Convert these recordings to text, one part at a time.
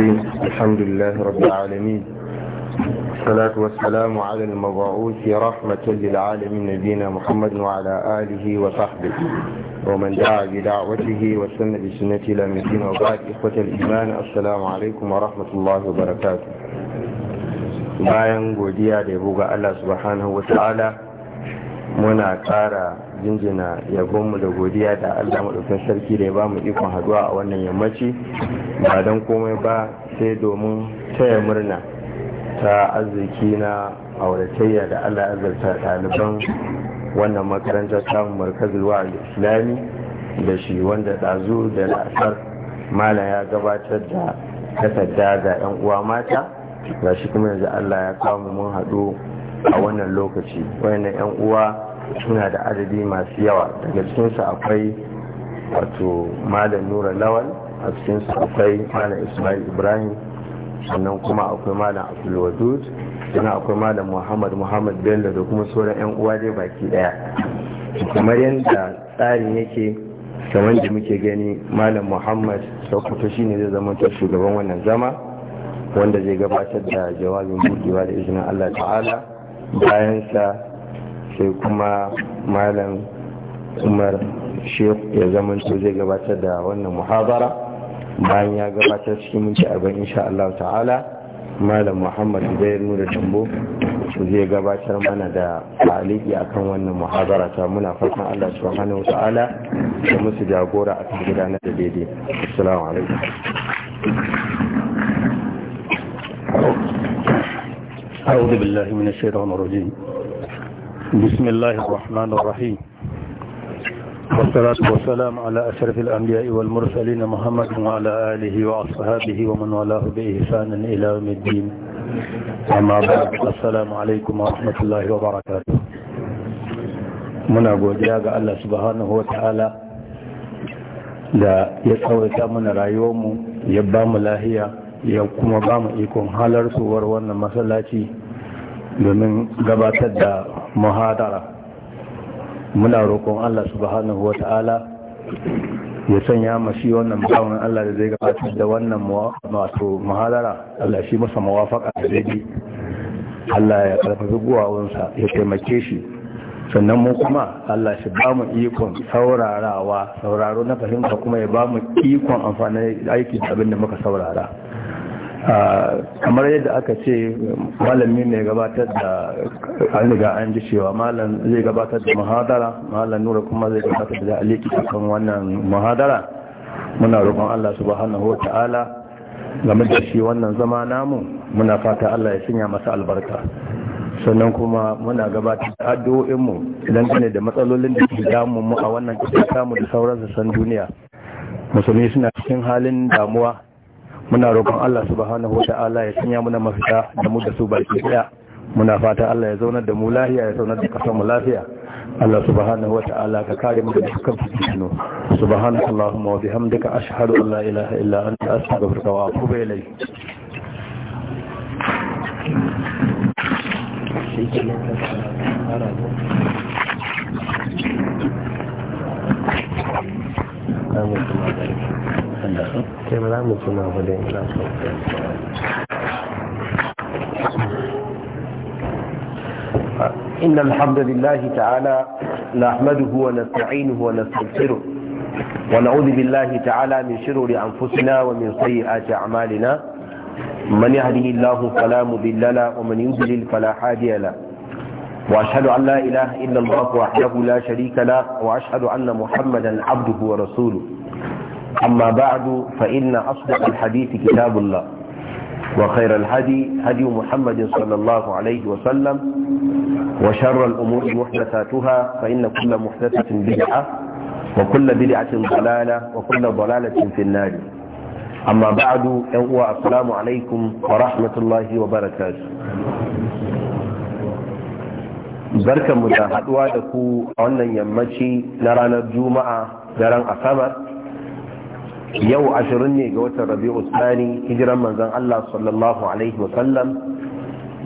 الرحيم الحمد لله رب العالمين الصلاة والسلام على المبعوث رحمة للعالمين نبينا محمد وعلى آله وصحبه ومن دعا بدعوته وسن بسنته إلى مدين وبعد إخوة الإيمان السلام عليكم ورحمة الله وبركاته bayan godiya da buga Allah subhanahu wa ta'ala muna ƙara jinjina yabonmu da godiya da allah maɗaukin sarki da ya ba mu ikon haduwa a wannan yammaci ba don komai ba sai domin taya murna ta arziki na auratayya da allah azarta ɗaliban wannan makarantar samun markazin wa islami da shi wanda ɗazu da lasar mala ya gabatar da takarda ga 'yan uwa mata ga shi kuma yanzu allah ya kawo mun haɗu a wannan lokaci wayannan 'yan uwa suna da adadi masu yawa daga cikinsu akwai wato malam nura lawal a cikinsu akwai malam ismail ibrahim sannan kuma akwai malam abdulwadud sannan akwai malam muhammad muhammad bello da kuma sauran yan uwa dai baki daya kamar yadda tsarin yake kamar da muke gani malam muhammad sokoto shine zai zama ta shugaban wannan zama wanda zai gabatar da jawabin buɗewa da izinin allah ta'ala bayan sa sai kuma malam umar sheikh ya zama zai gabatar da wannan muhabara bayan ya gabatar cikin minti arba'in insha Allah ta'ala malam muhammad zai nuna tambo zai gabatar mana da aliki akan wannan muhabara ta muna fatan Allah subhanahu wa ta'ala da musu jagora akan gudanar da daidai assalamu alaikum أعوذ بالله من الشيطان الرجيم بسم الله الرحمن الرحيم والصلاة والسلام على أشرف الأنبياء والمرسلين محمد وعلى آله وأصحابه ومن والاه بإحسان إلى يوم الدين أما بعد السلام عليكم ورحمة الله وبركاته من أقول يا الله سبحانه وتعالى da ya tsawaita mana يبام الله ba mu lahiya ya kuma ba mu ikon halarsuwar wannan masallaci domin gabatar da muhadara muna roƙon Allah subhanahu wa ta'ala ya sanya mashi wannan bawan Allah da zai gabatar da wannan wato muhadara Allah shi masa mawafaka da zai Allah ya karfafi guwawansa ya taimake shi sannan mu kuma Allah shi ba mu ikon saurarawa sauraro na fahimta kuma ya ba mu ikon amfani aiki abin da muka saurara kamar yadda aka ce malami ne gabatar da an an ji cewa malam zai gabatar da muhadara malam nura kuma zai gabatar da aliki kan wannan muhadara muna roƙon Allah subhanahu ta'ala game da shi wannan zama namu muna fata Allah ya shinya masa albarka sannan kuma muna gabatar da addu'o'inmu idan gane da matsalolin da ke damun mu a wannan kasa samu da sauran sassan duniya musulmi suna cikin halin damuwa muna roƙon Allah subhanahu wa ta'ala ya sanya muna mafita da mu da su baki daya muna fata Allah ya zaunar da mu lafiya ya zaunar da kasar mu lafiya Allah subhanahu wa ta'ala ka kare mu da dukkan fitinu subhanakallahumma wa bihamdika ashhadu an la ilaha illa anta astaghfiruka wa atubu ilayk Thank you. sanda su sai ba za mu ci ma ba da yin إن الحمد لله تعالى نحمده ونستعينه ونستغفره ونعوذ بالله تعالى من شرور أنفسنا ومن سيئات أعمالنا من يهده الله فلا مضل له ومن يضلل فلا هادي له وأشهد أن لا إله إلا الله وحده لا شريك له وأشهد أن محمدا عبده ورسوله أما بعد فإن أصدق الحديث كتاب الله وخير الهدي هدي محمد صلى الله عليه وسلم وشر الأمور محدثاتها فإن كل محدثة بدعة وكل بدعة ضلالة وكل ضلالة في النار أما بعد أهو السلام عليكم ورحمة الله وبركاته barkanmu da haduwa da ku a wannan yammaci na ranar juma'a daren asabar yau ashirin ne ga watan rabi'u tsani hijiran manzan Allah sallallahu alaihi wasallam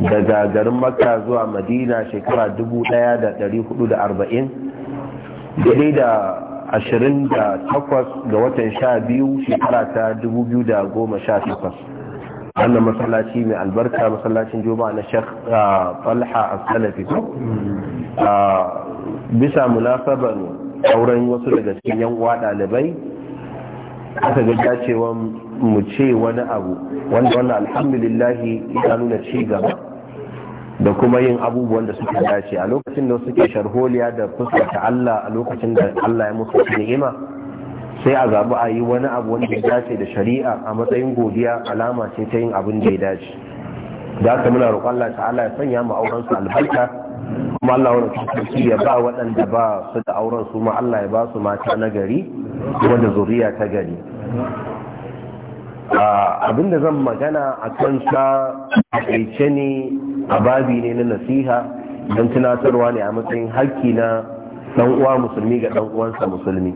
daga garin makka zuwa madina shekara 1440 daidai da 28 ga watan 12 shekara ta 2018 wannan masallaci mai albarka masallacin juma'a na shek falha ah, a salafi ah, bisa munasabar auren wasu daga cikin yan uwa ɗalibai aka ga dacewan mu ce wani abu wanda wannan alhamdulillahi ya nuna ci gaba da kuma yin abubuwan da suke dace a lokacin da suke sharholiya da fuskata Allah a lokacin da Allah ya musu ni'ima sai a zaɓi a yi wani abu wanda ya dace da shari'a a matsayin godiya alama ce ta yin abin da ya dace da haka muna roƙon Allah ta'ala ya sanya mu auren su albarka kuma Allah wani sarki ya ba waɗanda ba su da auren su ma Allah ya ba su mata na gari kuma da zuriya ta gari ah, abinda zan magana a sa a kaice ne a babi ne na nasiha don tunatarwa ne a matsayin haƙƙi na ɗan uwa musulmi ga ɗan uwansa musulmi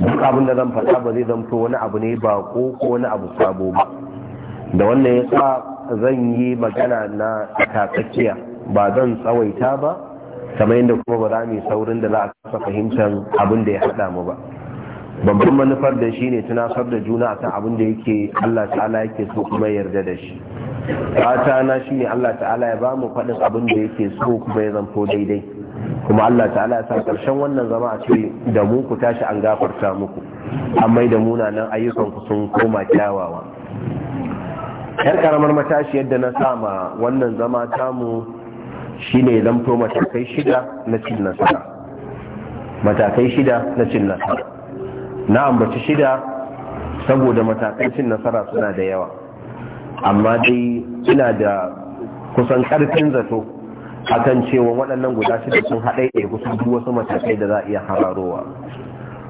duk abin da zan faɗa ba zai zamto wani abu ne ba ko wani abu sabo ba da wannan ya sa zan yi magana na tsakiya. ba zan tsawaita ba kamar yadda kuma ba za mu saurin da za a kasa fahimtar abin da ya haɗa mu ba babban manufar da shi ne tunasar da juna akan abin da yake Allah ta'ala yake so kuma yarda da shi fata na shi ne Allah ta'ala ya ba mu faɗin abin da yake so kuma ya zanto daidai kuma Allah ta'ala ya sa ƙarshen wannan zama a cire da mu ku tashi an gafarta muku amma da munanan ayyukan ku sun koma kyawawa yar karamar matashi yadda na sama wannan zama tamu shine zamto matakai shida na cin nasara matakai shida na cin nasara na ambaci shida saboda matakai cin nasara suna da yawa amma dai ina da kusan karfin zato akan cewa waɗannan guda shida sun haɗai da kusan duk wasu matakai da za a iya hararowa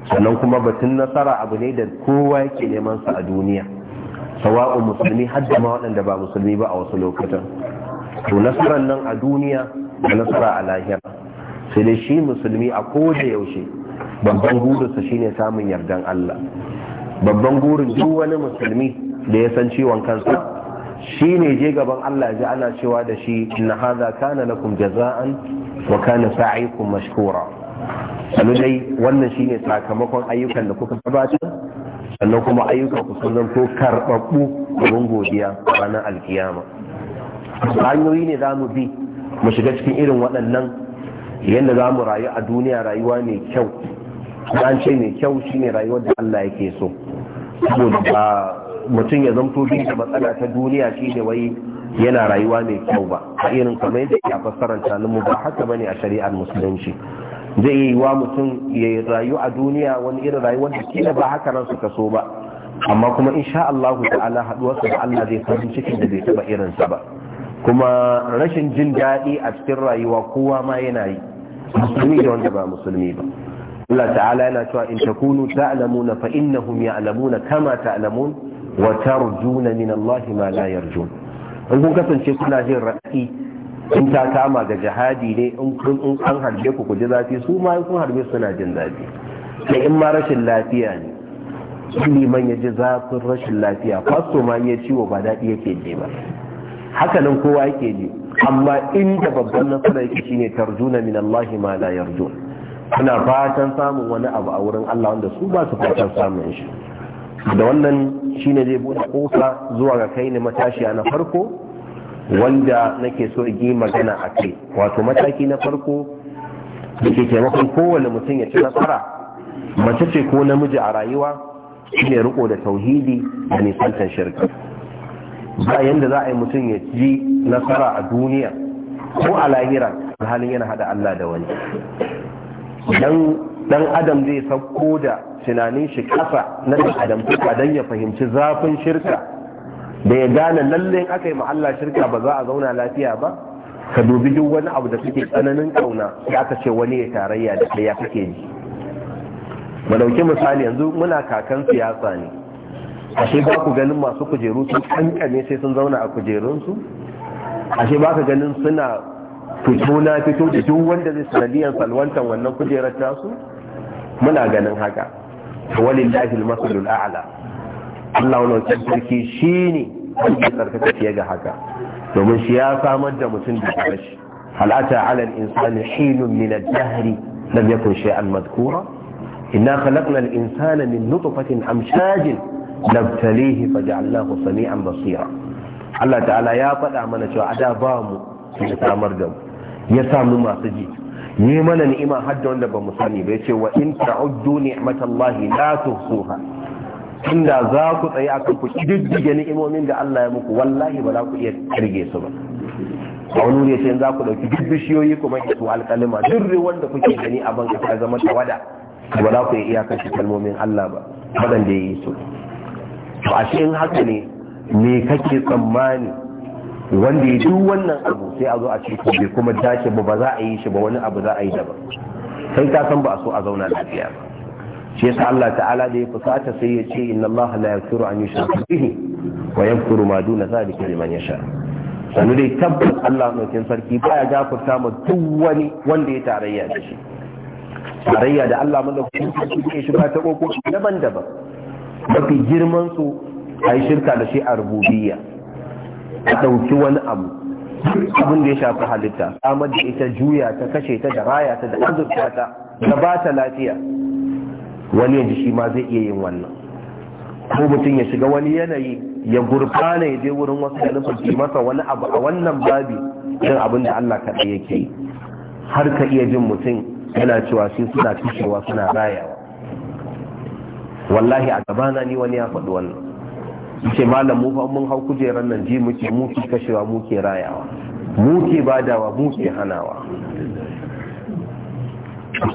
sannan kuma batun nasara abu ne da kowa yake neman sa a duniya sawa'un musulmi har da ma waɗanda ba musulmi ba a wasu lokutan to nasarar nan a duniya da nasara a lahira sai dai shi musulmi a koda yaushe babban shi shine samun yardan Allah babban gurin duk wani musulmi da ya san ciwon kansa shine je gaban Allah ji ana cewa da shi inna hadha kana lakum jaza'an wa kana sa'ikum mashkura sanu dai wannan shine sakamakon ayyukan da kuka gabatar sannan kuma ayyukan ku sun zanto karɓaɓɓu domin godiya ranar alkiyama hanyoyi ne za mu bi mu shiga cikin irin waɗannan yadda za mu rayu a duniya rayuwa mai kyau an ce mai kyau shine rayuwar da Allah yake so saboda ba mutum ya zamto bin da matsala ta duniya shine wai yana rayuwa mai kyau ba a irin kamar yadda ya fassarar tanin mu ba haka bane a shari'ar musulunci zai yi wa mutum ya rayu a duniya wani irin rayuwar da kila ba haka su ka so ba amma kuma insha Allah ta'ala haduwarsa da Allah zai farin cikin da bai taba irinsa ba kuma rashin jin daɗi a cikin rayuwa kowa ma yana yi musulmi da wanda ba musulmi ba Allah ta'ala yana cewa in takunu ta'lamuna fa innahum ya'lamuna kama ta'lamun wa tarjuna min Allah ma la yarjun in kun kasance kuna jin raɗi in ta kama ga jihadi ne in kun an harbe ku ji zafi su ma kun harbe suna jin zafi sai in ma rashin lafiya ne liman ya ji zafin rashin lafiya fasto ma ya ciwo ba daɗi yake je ba haka nan kowa yake ji amma inda babban nasara yake shine tarjuna min Allah ma la yarju suna fatan samun wani abu a wurin Allah wanda su ba su fatan samun shi da wannan shine zai bude kofa zuwa ga kai ne matashiya na farko wanda nake so in yi magana a kai wato mataki na farko da ke taimakon kowane mutum ya ci nasara mace ce ko namiji a rayuwa shine riko da tauhidi da nisan shirka ba yanda za a yi mutum ya ji nasara a duniya ko a lahira halin yana hada Allah da wani dan adam zai sauko da tunanin shi kasa na dan adam fuka dan ya fahimci zafin shirka da ya gane lalle aka yi ma Allah shirka ba za a zauna lafiya ba ka dubi duk wani abu da kake tsananin kauna ya aka ce wani ya tarayya da ya kake ji mu dauki misali yanzu muna kakan siyasa ne ashe ba ku ganin masu kujeru sun kankane sai sun zauna a kujerunsu ashe ba ka ganin suna fito na fito da duk wanda zai sanadiyar salwantar wannan kujerar tasu muna ganin haka lafi almasalul a'la Allah wannan sarki shine wanda sarkaka fiye ga haka domin shi ya samar da mutum da rashi halata alal insani hinun min ad-dahri lam yakun shay'an madhkura inna khalaqna al-insana min nutfatin amshajin nabtalihi faj'alnahu sami'an basira Allah ta'ala ya faɗa mana cewa da ba mu ya samar da mu ya samu masu ji Ni mana ni'ima har da wanda ba mu sani ba ce wa in ta'uddu ni'matallahi la tuhsuha inda za ku tsaye akan ku kididdige ni'imomin da Allah ya muku wallahi ba za ku iya kirge su ba a wani wuri za ku dauki duk bishiyoyi kuma ki su alƙalima duk wanda kuke gani a banka ta zama tawada ba za ku iya iyakar kalmomin Allah ba waɗanda ya yi su to ashe in haka ne me kake tsammani wanda ya duk wannan abu sai a zo a ciki to bai kuma dace ba ba za a yi shi ba wani abu za a yi daban sai ka san ba a so a zauna lafiya ba shi yasa Allah ta'ala da ya fusata sai ya ce inna Allah la yaghfiru an yushraka bihi wa yaghfiru ma duna zalika liman yasha sanu dai tabbas Allah naukin sarki baya gafarta ma duk wani wanda ya tarayya da shi tarayya da Allah madaukakin sarki ke shiga ta kokoki daban-daban mafi girman su a yi shirka da shi a rububiya. a ɗauki wani abu abin da ya shafi halitta samar da ita juya ta kashe ta da raya ta da azurta ta da ba ta lafiya wani yanzu shi ma zai iya yin wannan ko mutum ya shiga wani yanayi ya gurfana ya je wurin wasu da nufin masa wani abu a wannan babi yin abin da Allah kaɗai yake yi har ka iya jin mutum yana cewa shi suna kishewa suna rayawa wallahi a gabana ni wani ya faɗi wannan ce malam mu fa mun hau kujerar nan ji muke muke kashewa muke rayawa muke badawa muke hanawa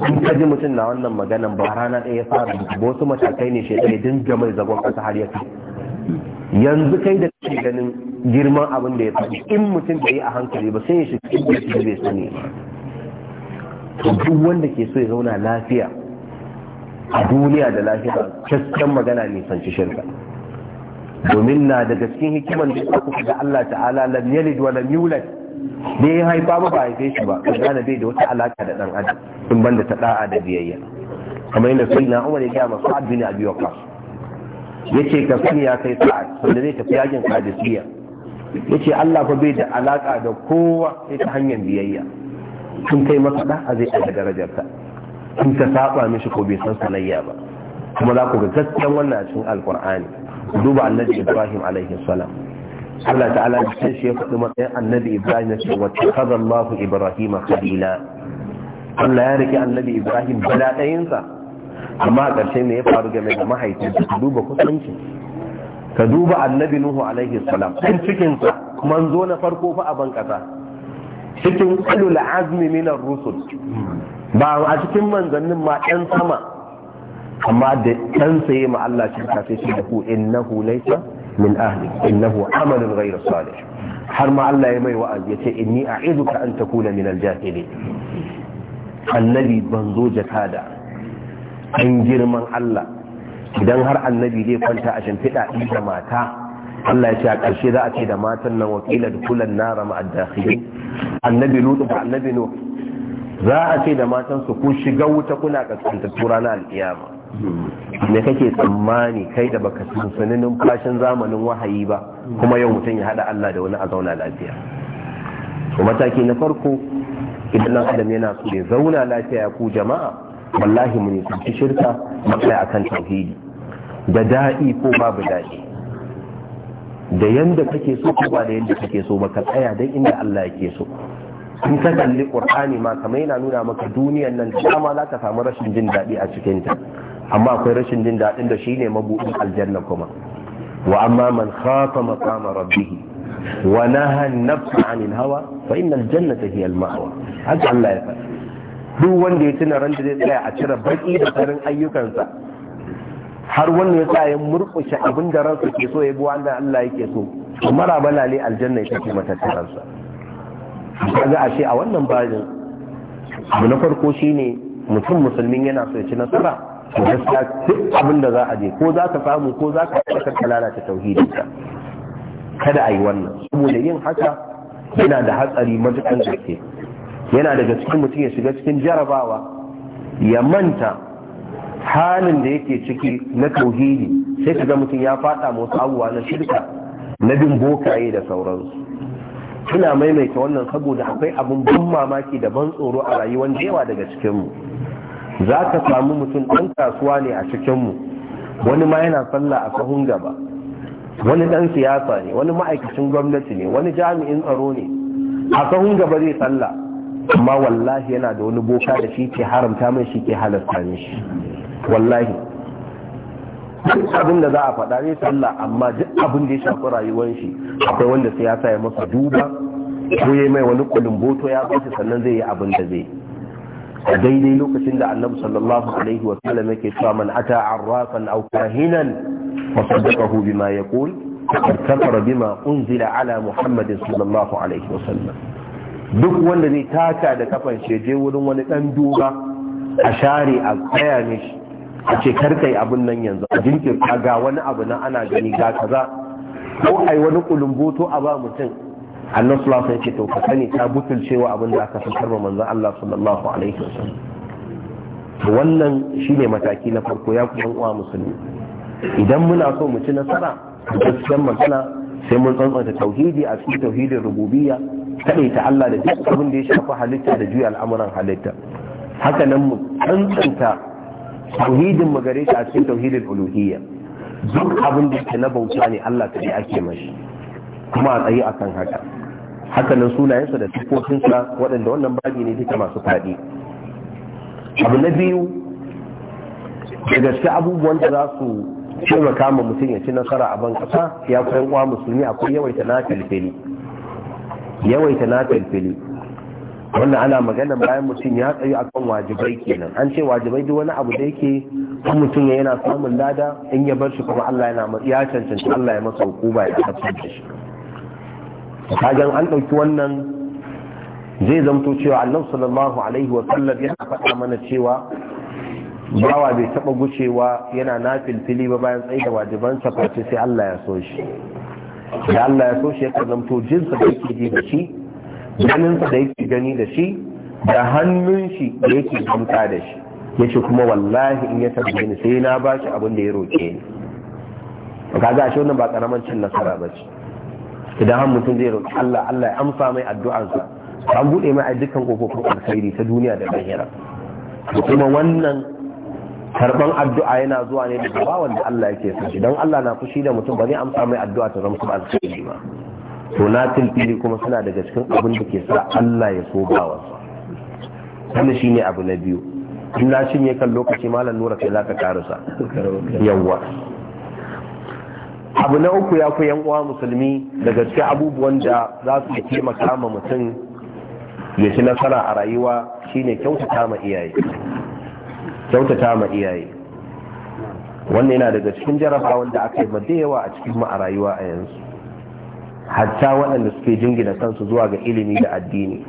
in ka ji mutum na wannan maganan ba rana ɗaya ya fara ba wasu matakai ne shi ɗaya dinga mai zagon ƙasa har ya yanzu kai da ke ganin girman abin da ya faɗi in mutum da yi a hankali ba sai ya shi cikin da bai sani ba duk wanda ke so ya zauna lafiya a duniya da lahira cikin magana ne sanci shirka domin na daga cikin hikiman da kuka ga Allah ta'ala lam yalid wa lam yulad da ya haifa ba ba haife shi ba ka gane bai da wata alaka da dan adam in banda ta da'a da biyayya kamar yadda sai na umar ya ga masu abin abi Ya yace ka sani ya kai sa'ad wanda zai tafi yakin qadisiyya yace Allah fa bai da alaka da kowa sai ta hanyar biyayya kun kai masa da'a zai ɗaga darajarta in ka saba mishi ko bai san sanayya ba kuma za ku ga gaskiyan wannan a cikin alkur'ani duba annabi ibrahim alaihi salam Allah ta'ala da kan shi ya faɗi matsayin annabi ibrahim ya ce wata kaza allahu ibrahim khalila Allah ya rike annabi ibrahim bala ɗayinsa amma a ƙarshe ne ya faru game da mahaifinsa ka duba kusanci ka duba annabi nuhu alaihi salam ɗan cikinsa manzo na farko fa a ban ƙasa cikin ulul azmi minar rusul ba a cikin manzannin ma ɗan sama amma da ɗan saye ma Allah shi ka sai shi da ku innahu laysa min ahli innahu amalun ghayra salih har ma Allah ya mai wa'azi yace inni a'iduka an takuna min al-jahili annabi banzo jakada an girman Allah idan har annabi zai kwanta a shimfiɗa da mata Allah ya ce a ƙarshe za a ce da matan nan wakila da kulan nara ma'addakhirin annabi lutu da annabi no za a ce da matansu ku shiga wuta kuna tura ranar alkiyama me kake tsammani kai da baka sunsuni numfashin zamanin wahayi ba kuma yau mutum ya hada Allah da wani a zauna lafiya to mataki na farko idan nan adam yana so ya zauna lafiya ku jama'a wallahi mu nisanci shirka matsaya akan tauhidi da daɗi ko babu daɗi da yanda kake so ko ba da yanda kake so ba ka tsaya dan inda Allah yake so in ka kalli qur'ani ma kamar yana nuna maka duniyan nan dama za ka samu rashin jin daɗi a cikin ta amma akwai rashin jin daɗin da shine mabuɗin aljanna kuma wa amma man khafa maqama rabbih wa naha an-nafsa 'anil hawa fa innal jannata hiya al-ma'wa haka Allah ya faɗa duk wanda ya tuna ran da zai tsaya a cire baki da tsarin ayyukansa har wanda ya sa ya murƙushe abin da ransa ke so ya bi wanda Allah yake so mara balale aljanna ita ce matattararsa kaga ce a wannan bajin abu na farko shine mutum musulmin yana so ya ci nasara to gaskiya duk abin da za a je ko za ka samu ko za ka aikata kalala lalata tauhidin ka kada a yi wannan saboda yin haka yana da hatsari matukan gaske yana daga cikin mutum ya shiga cikin jarabawa ya manta halin da yake ciki na tauhidi sai kaga mutum ya fada masu abubuwa na shirka na bin bokaye da sauransu suna maimaita wannan saboda akwai abin ban mamaki da ban tsoro a rayuwar yawa daga cikinmu za ka samu mutum ɗan kasuwa ne a cikinmu wani ma yana sallah a sahun gaba wani ɗan siyasa ne wani ma'aikacin gwamnati ne wani jami'in tsaro ne a sahun gaba zai sallah amma wallahi yana da wani boka da shi ke haramta mai shi ke halasta shi wallahi duk abin da za a faɗa zai sallah amma duk abin da ya shafi rayuwar shi akwai wanda sai ya saya masa duba ko ya mai wani boto ya bashi sannan zai yi abin da zai a daidai lokacin da annabi sallallahu alaihi wa sallam yake cewa man ata arrafan aw kahinan fa saddaqahu bima yaqul faqad kafara bima unzila ala muhammadin sallallahu alaihi wa sallam duk wanda zai taka da kafan shi je wurin wani dan duba a share a tsaya mishi a ce karkai abin nan yanzu a kaga ga wani abu na ana gani ga kaza ko ai wani kulumboto a ba mutum Allah sallallahu alaihi wasallam ce to ka sani ta butulcewa abin da aka fitar ma manzo Allah sallallahu alaihi wasallam wannan shine mataki na farko ya kuma uwa musulmi idan muna so mu ci nasara gaskiyar magana sai mun tsantsanta tauhidi a cikin tauhidin rububiyya kada ta Allah da duk abin da ya shafi halitta da juya al'amuran halitta haka nan mu tsantsanta tauhidin mu gare shi a cikin tauhidin uluhiyya duk abin da ke na bauta ne Allah ta ake mashi kuma a tsaye akan haka haka nan sunayensa da tukokinsa waɗanda wannan babi ne duka masu faɗi abu na biyu da gaske abubuwan da za su taimaka ma mutum ya ci nasara a ban ƙasa ya kai uwa musulmi akwai yawaita na filfili yawaita na filfili wannan ana magana bayan mutum ya tsayu akan wajibai kenan an ce wajibai duk wani abu da yake kan mutum ya yana samun lada in ya bar shi kuma Allah yana ya cancanci Allah ya masa ba ya tabbatar da shi kagan an ɗauki wannan zai zamto cewa Allah sallallahu alaihi wa sallam yana faɗa mana cewa bawa bai taɓa gucewa yana nafilfili ba bayan tsaye da wajibansa face sai Allah ya so shi da Allah ya so shi ya zamto jinsa da yake ji da shi ganinsa da yake gani da shi da hannun shi da yake gamta da shi ya ce kuma wallahi in ya tabbe ni sai na bashi abin da ya roƙe ni kaga shi wannan ba karaman cin nasara ba ce idan han mutum zai roƙi Allah Allah ya amsa mai addu'arsa an buɗe mai a dukkan kofofin alkhairi ta duniya da lahira kuma wannan karban addu'a yana zuwa ne daga bawan da Allah yake sa shi dan Allah na fushi da mutum ba zai amsa mai addu'a ta zama alkhairi ba to na tilfili kuma suna daga cikin abin da ke sa Allah ya so bawa wannan shine abu na biyu in na shinye kan lokaci malam nura sai zaka karusa yawa abu na uku ya ku uwa musulmi daga cikin abubuwan da za su taimaka ma mutum ya ci nasara a rayuwa shine kyautata ma iyaye kyautata ma iyaye wannan yana daga cikin jarabawan da aka yi ma a cikin mu rayuwa a yanzu hatta waɗanda suke jingina kansu zuwa ga ilimi da addini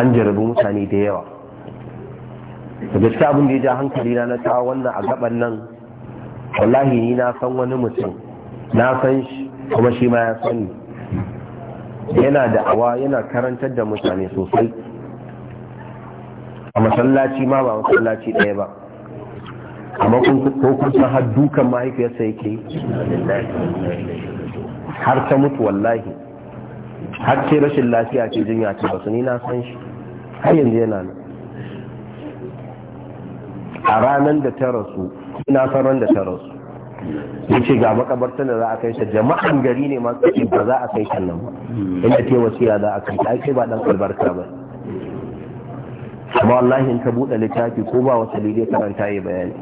an jarabi mutane da yawa da gaske abin da ya ja hankali na ta wannan a gaban nan wallahi ni na san wani mutum na san shi kuma shi ma ya sani yana da awa yana karantar da mutane sosai a masallaci ma ba masallaci ɗaya ba amma ko kun har dukan mahaifiyarsa yake har ta mutu wallahi har ce rashin lafiya ce jinya ce ba su ni na san shi har yanzu yana nan a ranar da ta rasu ina san ran da ta rasu ya ce ga makabartar da za a kai ta jama'an gari ne masu ce ba za a kai ta nan ba inda ce wasiya za a kai ta ake ba dan albarka ba amma wallahi in ka buɗe littafi ko ba wasu lidiyar karanta yi bayani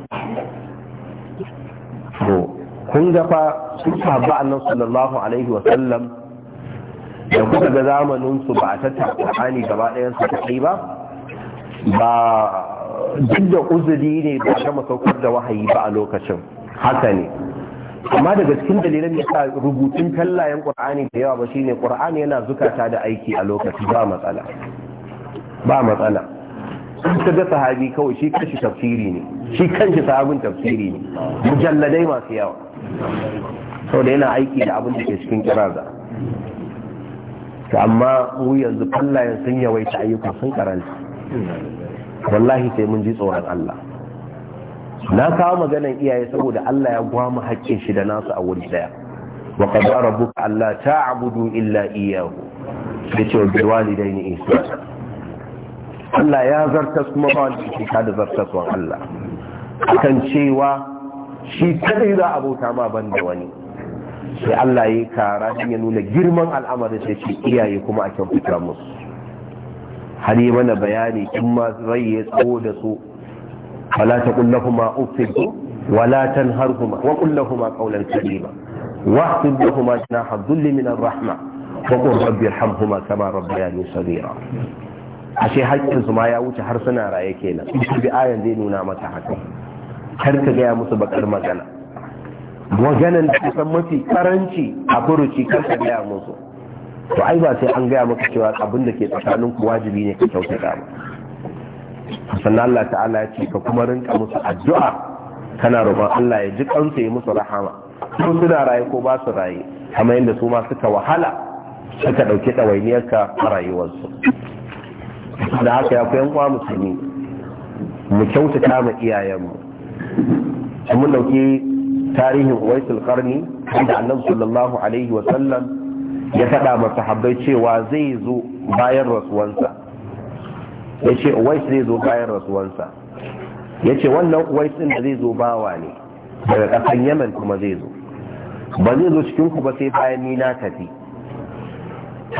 kun ga fa sabu sahabba sallallahu alaihi wa sallam da kuka ga zamanin ba a tattar Qur'ani gaba ɗayan su kai ba ba duk da uzuri ne ba gama saukar da wahayi ba a lokacin haka ne amma daga cikin dalilan da sa rubutun kallayen Qur'ani da yawa ba shine Qur'ani yana zukata da aiki a lokaci ba matsala ba matsala ta ga sahabi kawai shi kanshi tafsiri ne shi kanshi sahabin tafsiri ne mujalladai masu yawa Sau da yana aiki da abin da ke cikin kiraza Ta amma mu yanzu fallayen sun yawaita ayyukan sun karanta wallahi sai mun ji tsoron Allah na kawo maganan iyaye saboda Allah ya gwama haƙƙin shi da nasu a wuri daya wa qad rabbuka alla ta'budu illa iyyahu da ce ni walidaini ihsana Allah ya zartas kuma ba wanda ke da zartaswan Allah akan cewa shi kadai za a bauta ma ban da wani sai Allah ya kara ya nuna girman al'amari sai ce iyaye kuma a kyautata musu har yi mana bayani in ma rai ya tsawo da su wala ta kullahuma uffin wala kuma. wa kuma qawlan karima wa hfid lahuma janaha dhulli min ar-rahma wa qul rabbi irhamhuma kama rabbayani saghira ashe haƙƙin su ma ya wuce har suna raye kenan bi ayan zai nuna mata haka kar ka gaya musu bakar magana maganan da kusan mafi karanci a furuci kan ka gaya musu to ai ba sai an gaya maka cewa abin da ke tsakanin ku wajibi ne ka kyautata ba sannan Allah ta'ala ya ce ka kuma rinka musu addu'a kana roƙon Allah ya ji kansu ya musu rahama ko suna raye ko ba su raye kamar yadda su ma suka wahala suka ɗauki ɗawainiyarka a rayuwarsu da haka ya kuyan kwa musulmi mu kyautata ma iyayenmu a mun dauki tarihin waisul karni inda annabi sallallahu alaihi wa sallam ya faɗa ma sahabbai cewa zai zo bayan rasuwansa ya ce wais zai zo bayan rasuwansa ya ce wannan wais din da zai zo bawa ne daga kasan yaman kuma zai zo ba zai zo cikin ku ba sai bayan ni na tafi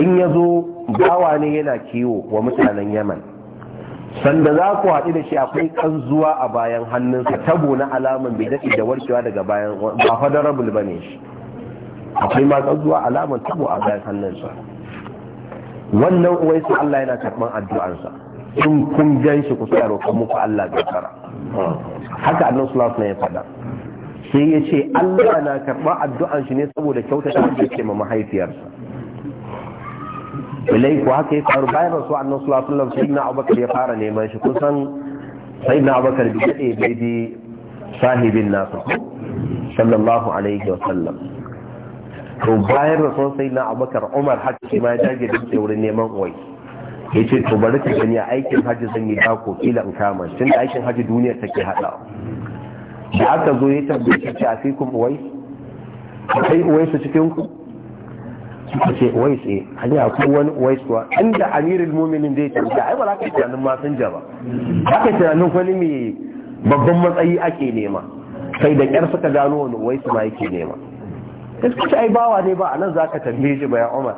in ya zo bawa ne yana kiwo wa mutanen yaman sanda za ku haɗu da shi akwai kanzuwa a bayan hannunsa tabo na alaman bai daɗe da warkewa daga bayan ba fadarabul ba ne shi akwai ma kanzuwa alaman tabo a bayan hannunsa wannan uwai su Allah yana karɓar addu'ansa in kun gan shi ku tsaro kan muku Allah tsara haka annan sulas na ya faɗa sai ya ce Allah na karɓar addu'an shi ne saboda kyautata da ke ma mahaifiyarsa ilai ko haka ya faru bayan rasu annan sallallahu alaihi sai na abakar ya fara neman shi kusan na Abakar bi dade bai bi sahibin nasu sallallahu alaihi sallam to bayan rasu na Abakar umar haka shi ma ya dage da wurin neman uwai ya ce to bari ka gani a aikin hajji zan yi dako kila in kama shi da aikin hajji duniyar take hada da aka zo ya tabbata shi ce a kuma uwai akwai uwai su cikin ku suka ce waitse eh, hanyar ko wani waitsuwa inda amirul muminin zai tafiya ai ba za ka yi tunanin masinja ba za ka yi tunanin wani mai babban matsayi ake nema sai da kyar suka gano wani waitsu ma yake nema suka ce ai bawa ne ba a nan za ka tambaye shi bayan umar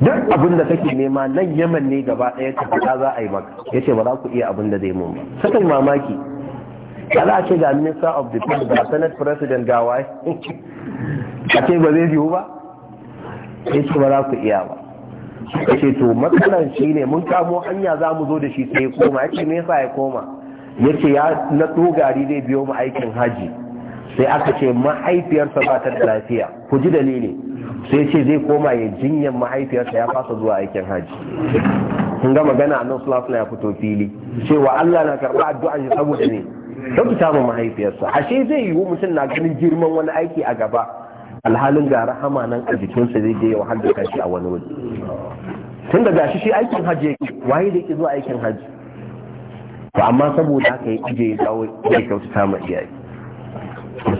duk abin da kake nema nan yaman ne gaba ɗaya ka fita za a yi maka ya ce ba za ku iya abin da zai mun ba suka mamaki ya za a ce ga minister of defense ga senate president ga wai a ce ba zai biyu ba sai su ba za ku iya ba suka ce to matsalan shi ne mun kamo hanya za mu zo da shi sai ya koma ya ce me yasa ya koma ya ce ya na gari zai biyo mu aikin haji sai aka ce mahaifiyarsa ba ta da lafiya ku ji dalili sai ce zai koma ya jinyar mahaifiyarsa ya fasa zuwa aikin haji kun ga magana a sulafuna ya fito fili cewa Allah na karɓa addu'a shi saboda ne don ta mahaifiyarsa ashe zai yiwu mutum na ganin girman wani aiki a gaba alhalin ga rahama nan a jikinsa zai je wa hajji kashi a wani wuri tun da gashi shi aikin hajji yake waye da yake zuwa aikin hajji to amma saboda haka ya ije ya dawo ya kyautata ma iyaye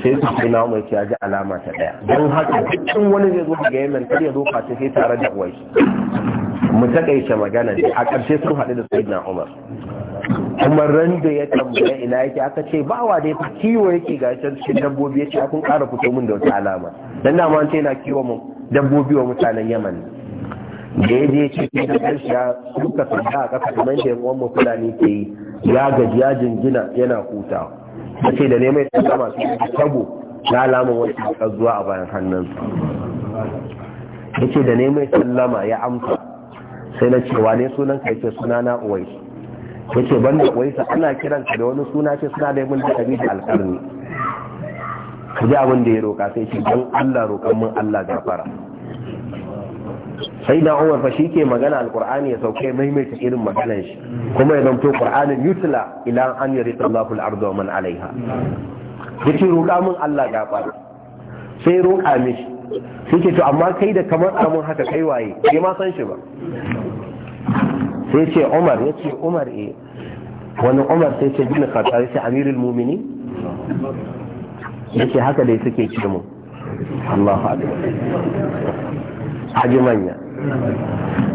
sai su sai na mai ya ji alama ta daya don haka cikin wani zai zo daga yemen kar ya zo face sai tare da uwai mu takaice magana a ƙarshe sun haɗu da sayyidina umar kuma ran da ya tambaya ina yake aka ce ba wa da yafi kiwo yake ga can cikin dabbobi yace akun ƙara fito min da wata alama dan da ma ce yana kiwo mu dabbobi wa mutanen Yaman da ya je cikin da kanshi ya suka sanda a ƙasa kamar da yawan mu fulani ke yi ya gaji ya jingina yana Ya ce da ne mai tsama su tabo na alama wani zuwa a bayan hannunsa ce da ne mai sallama ya amsa sai na cewa ne sunan kai ce sunana uwaisu ban banda kwaisa ana kiranka da wani suna ce suna da yamin lakabi da alƙarni ka ji abin da ya roƙa sai shi don Allah roƙan mun Allah gafara sai na umar fa shi ke magana alƙur'ani ya sauke maimaita irin maganar shi kuma ya zamto ƙur'anin yutla ila an yari sallahu al'arzu man alaiha yace roƙa mun Allah gafara sai roƙa mishi sai ke to amma kai da kamar amin haka kai waye kai ma san shi ba sai ce umar ya ce umar e wani umar sai ce bin khattab ya ce amirul mumini ya ce haka dai suke ce mu Allahu akbar haji manya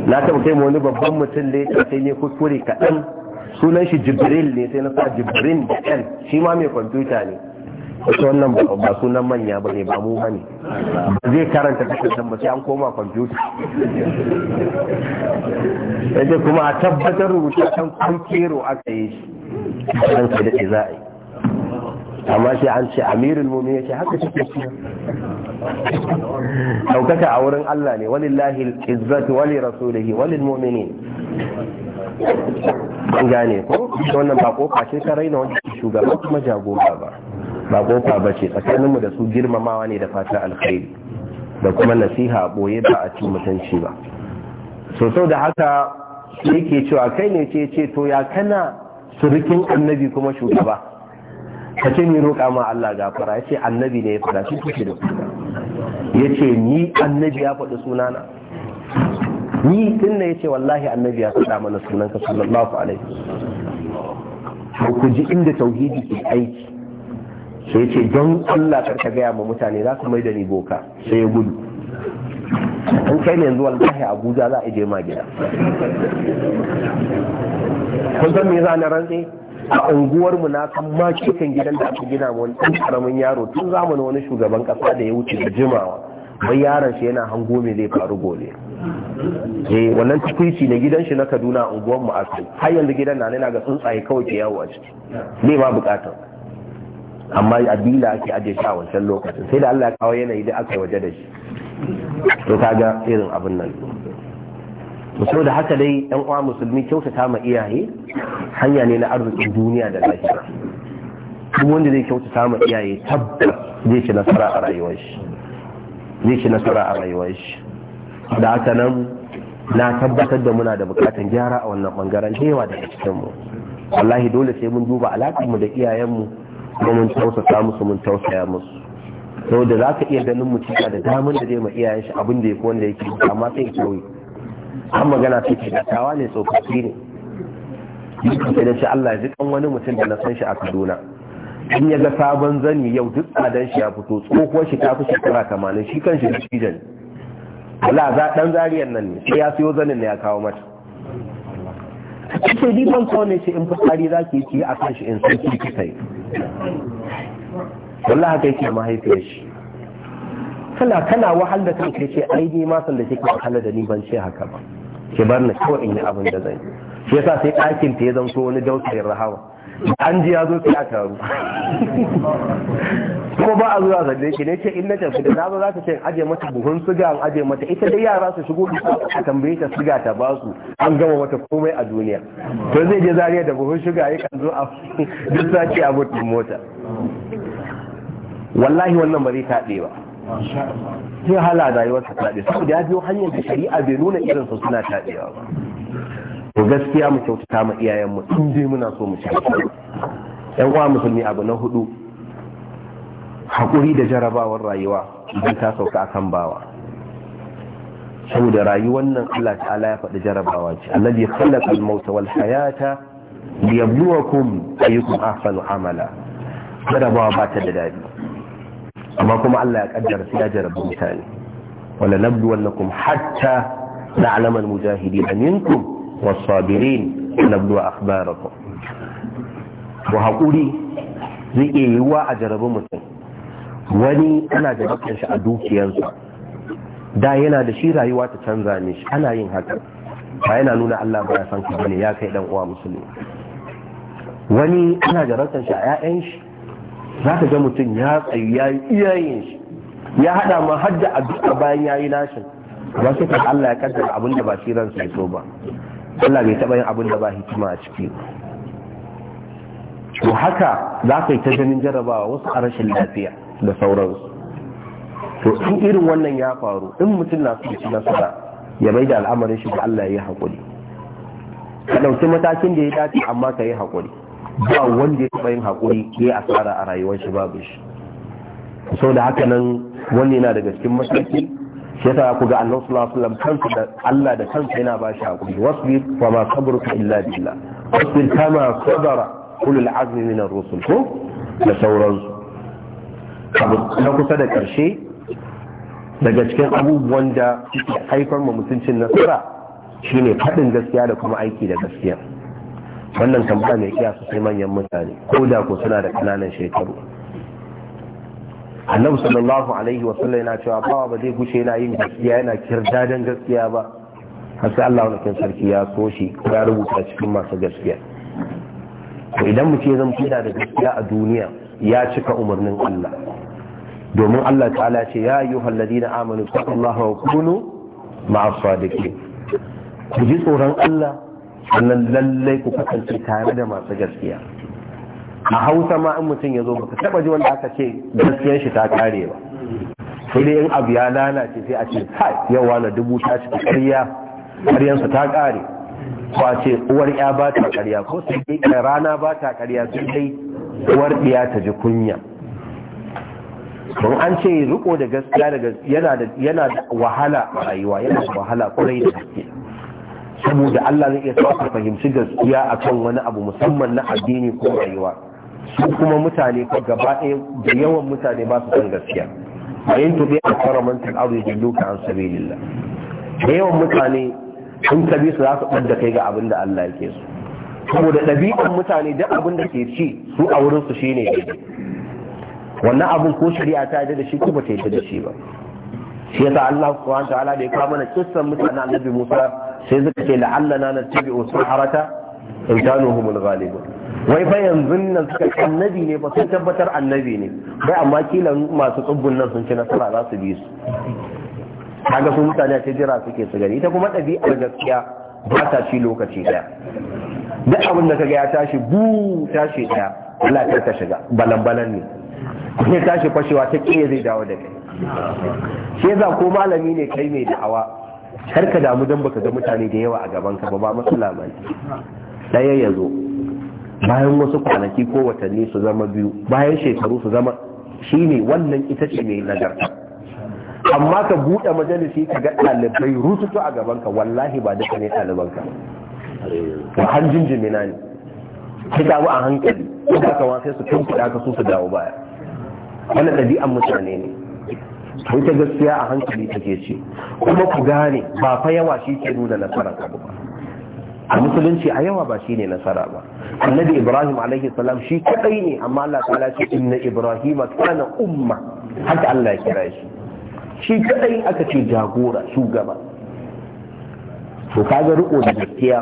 na taɓa kai wani babban mutum da ya sai ne kuskure kaɗan sunan shi jibril ne sai na sa jibril da ɗan shi ma mai kwamfuta ne wasu wannan ba sunan manya ba ne ba mu ba ne ba zai karanta takardar ba sai an koma kwamfuta yace kuma a tabbatar rubutu kan kan kero aka yi shi kan sai da za a yi amma sai an ce amirul ya ce haka ke shi daukaka a wurin Allah ne wani Lahil izzatu wani li rasulihi wa lil ban gane ko wannan ba ko kashe ka raina wanda shugaba kuma jagora ba ba kofa ba ce tsakaninmu da su girmamawa ne da fata alkhairi da kuma nasiha boye ba a ci mutunci ba so sau da haka yake cewa kai ne ce ce to ya kana surukin annabi kuma shugaba ka ce ni roƙa ma Allah fara ya ce annabi ne ya fara shi kuke da kuka ya ce ni annabi ya faɗi sunana ni tun da ya ce wallahi annabi ya faɗa mana sunanka sallallahu alaihi ku ji inda tauhidi ke aiki sai ce don Allah karka gaya ma mutane za su mai da ni boka sai ya gudu in kai ne yanzu wallahi abuja za a je ma gida kun san me za na rantsi a unguwar mu na san ma cikin gidan da aka gina wani ɗan karamin yaro tun zamanin wani shugaban kasa da ya wuce da jimawa bai yaron shi yana hango me zai faru gobe eh wannan tukuici ne gidan shi na Kaduna unguwar mu a har yanzu gidan na ne ga tsuntsaye kawai ke yawo a ciki ne ma bukatar amma a bila ake ajiye shi a wancan lokacin sai da Allah ya kawo yanayi da aka yi waje da shi to kaga irin abin nan to so da haka dai yan uwa musulmi kyautata ma iyaye hanya ne na arzikin duniya da lafiya duk wanda zai kyautata ma iyaye tabbas zai ci nasara a rayuwar shi zai ci nasara a rayuwar shi da haka nan na tabbatar da muna da bukatan gyara a wannan bangaren da yawa daga cikin mu wallahi dole sai mun duba alaƙar mu da iyayen mu kuma mun tausasa musu mun tausaya musu da za ka iya ganin mutum da damar da zai ma iyayen shi abin da ya fi wanda yake amma sai ya kawai an magana ta ke ne tsofaffi ne sai da shi Allah ya jikan wani mutum da na san shi a Kaduna in ya ga sabon zani yau duk tsadan shi ya fito tsohuwar shi ta fi shekara kamanin shi kan shi da shi jan Allah za ɗan zariyan nan ne sai ya siyo zanin ne ya kawo mata ce ni kone ne ce in fitsari za ki ci a kan shi in sun ki kika yi wallahi haka yake mahaifiyar shi tana kana wahal da kanka ce ai ne ma san da kike wahala da ni ban ce haka ba ke bar na kawai in yi abin da zan yi shi yasa sai ɗakin ta ya zanto wani dautayin rahawa an ji ya zo sai a taru kuma ba a zuwa zalle shi ne ce in na tafi da zaba za ta ce aje mata buhun suga an aje mata ita dai yara su shigo a tambaye ta suga ta ba su an gama mata komai a duniya to zai je zariya da buhun suga ya kan zo a duk sake a mutum mota wallahi wannan ba zai taɗe ba sai hala rayuwar ta taɗe saboda ya biyo hanyar da shari'a bai nuna irin su suna taɗewa ba to gaskiya mu kyautata ma iyayen mu in dai muna so mu ci yan uwa musulmi abu na hudu hakuri da jarabawar rayuwa idan ta sauka akan bawa saboda rayuwar nan Allah ta'ala ya faɗi jarabawa ce alladhi khalaqa al-mauta wal hayata liyabluwakum ayyukum ahsanu amala jarabawa ba ta da dadi amma kuma Allah ya kaddara sai ya jarabu mutane wala nabluwannakum hatta na'lamal mujahidin minkum والصابرين nabdu akhbarakum wa hakuri zai iya yiwuwa a jarabi mutum wani ana jarabtar a dukiyarsa da yana da shi rayuwa ta canza ne shi ana yin haka ba yana nuna Allah ba ya ka bane ya kai dan uwa musulmi wani ana jarabtar a 'ya'yan shi za ka ga mutum ya tsayu ya yi iyayen ya hada ma hadda a bayan yayi nashin ba sai Allah ya kaddara abin da ba shi ransa ya so ba Allah bai taɓa yin abin da ba hikima a ciki to haka za ka yi ta ganin jarabawa wasu a rashin lafiya da sauransu to in irin wannan ya faru in mutum na su nasara ya bai da al'amarin shi da Allah ya yi haƙuri ka ɗauki matakin da ya dace amma ka yi haƙuri ba wanda ya taɓa yin haƙuri ya yi asara a rayuwar shi babu shi sau da haka nan wani yana daga cikin mataki shi yasa ku ga annabi sallallahu alaihi wasallam kansa da Allah da kansa yana ba shi hakuri wasbir wa ma sabruka illa billah wasbir kama sabara ulul azmi min ar-rusul ko da sauransu na kusa da karshe daga cikin abubuwan da suke haifar ma mutuncin nasara shine faɗin gaskiya da kuma aiki da gaskiya wannan tambaya mai iya sai manyan mutane ko da ko suna da ƙananan shekaru annabi sallallahu alaihi wa sallam yana cewa bawa ba zai gushe yana yin gaskiya yana kirdadan gaskiya ba har sai Allah wani sarki ya so shi ya rubuta cikin masu gaskiya to idan mu ce zan fida da gaskiya a duniya ya cika umarnin Allah domin Allah ta'ala ce ya ayyuhal ladina amanu taqullaha wa kunu ma'as sadiqin ku ji tsoron Allah sannan lallai ku kasance tare da masu gaskiya a hausa ma in mutum ya zo baka taba ji wanda aka ce gaskiyar shi ta kare ba sai dai in abu ya lalace sai a ce kai yawa na dubu ta ci ƙarya ƙaryansa ta kare ko a ce uwar ya ba ta ƙarya ko sai dai rana ba ta ƙarya sai dai uwar ɗiya ta ji kunya don an ce riko da gaskiya da yana da yana da wahala a rayuwa yana da wahala kwarai da gaske saboda Allah zai iya sa fahimci gaskiya akan wani abu musamman na addini ko rayuwa su kuma mutane ko gaba ɗaya da yawan mutane ba su san gaskiya Bayan yin tobe a fara mantar aure da loka an sabi lilla da yawan mutane sun tabi su za su ɓadda kai ga abin da Allah yake su saboda ɗabi'an mutane duk abin da ke ci su a wurin su shine daidai wannan abin ko shari'a ta yarda da shi ko ba ta yarda da shi ba shi yasa Allah subhanahu ta'ala da ya kawo mana kissan mutanen Annabi Musa sai suka ce la'allana nattabi'u saharata in kanu humul ghalibun wai fa yanzu nan suka annabi ne ba sun tabbatar annabi ne bai amma kila masu tsubbun nan sun ci nasara za su bi su kaga su mutane a jira suke su gani ita kuma ɗabi'ar gaskiya ba ta ci lokaci ɗaya duk abin da kaga ya tashi bu tashi ɗaya Allah ta ka shiga balan-balan ne ne tashi fashewa ta ƙiye zai dawo da kai shi za ko malami ne kai mai da'awa har ka damu don baka ga mutane da yawa a gaban ka ba ba matsala ba ɗaya ya zo bayan wasu kwanaki ko watanni su zama biyu bayan shekaru su zama shine wannan ita ce mai nagarta amma ka buɗe majalisi ka ga ɗalibai rututu a gabanka wallahi ba duka ne ɗalibanka ba har jinjimina ne ki dawo a hankali ko ka kama sai su tumfuɗa ka su su dawo baya wannan ɗabi'an mutane ne ita gaskiya a hankali take ce kuma ku gane ba fa yawa shi ke nuna nasarar abu ba a musulunci a yawa ba ne nasara ba annabi ibrahim alaihi salam shi kadai ne amma Allah ta'ala ce inna ibrahima kana umma haka Allah ya kira shi shi kadai aka ce jagora shugaba to kaga riko da gaskiya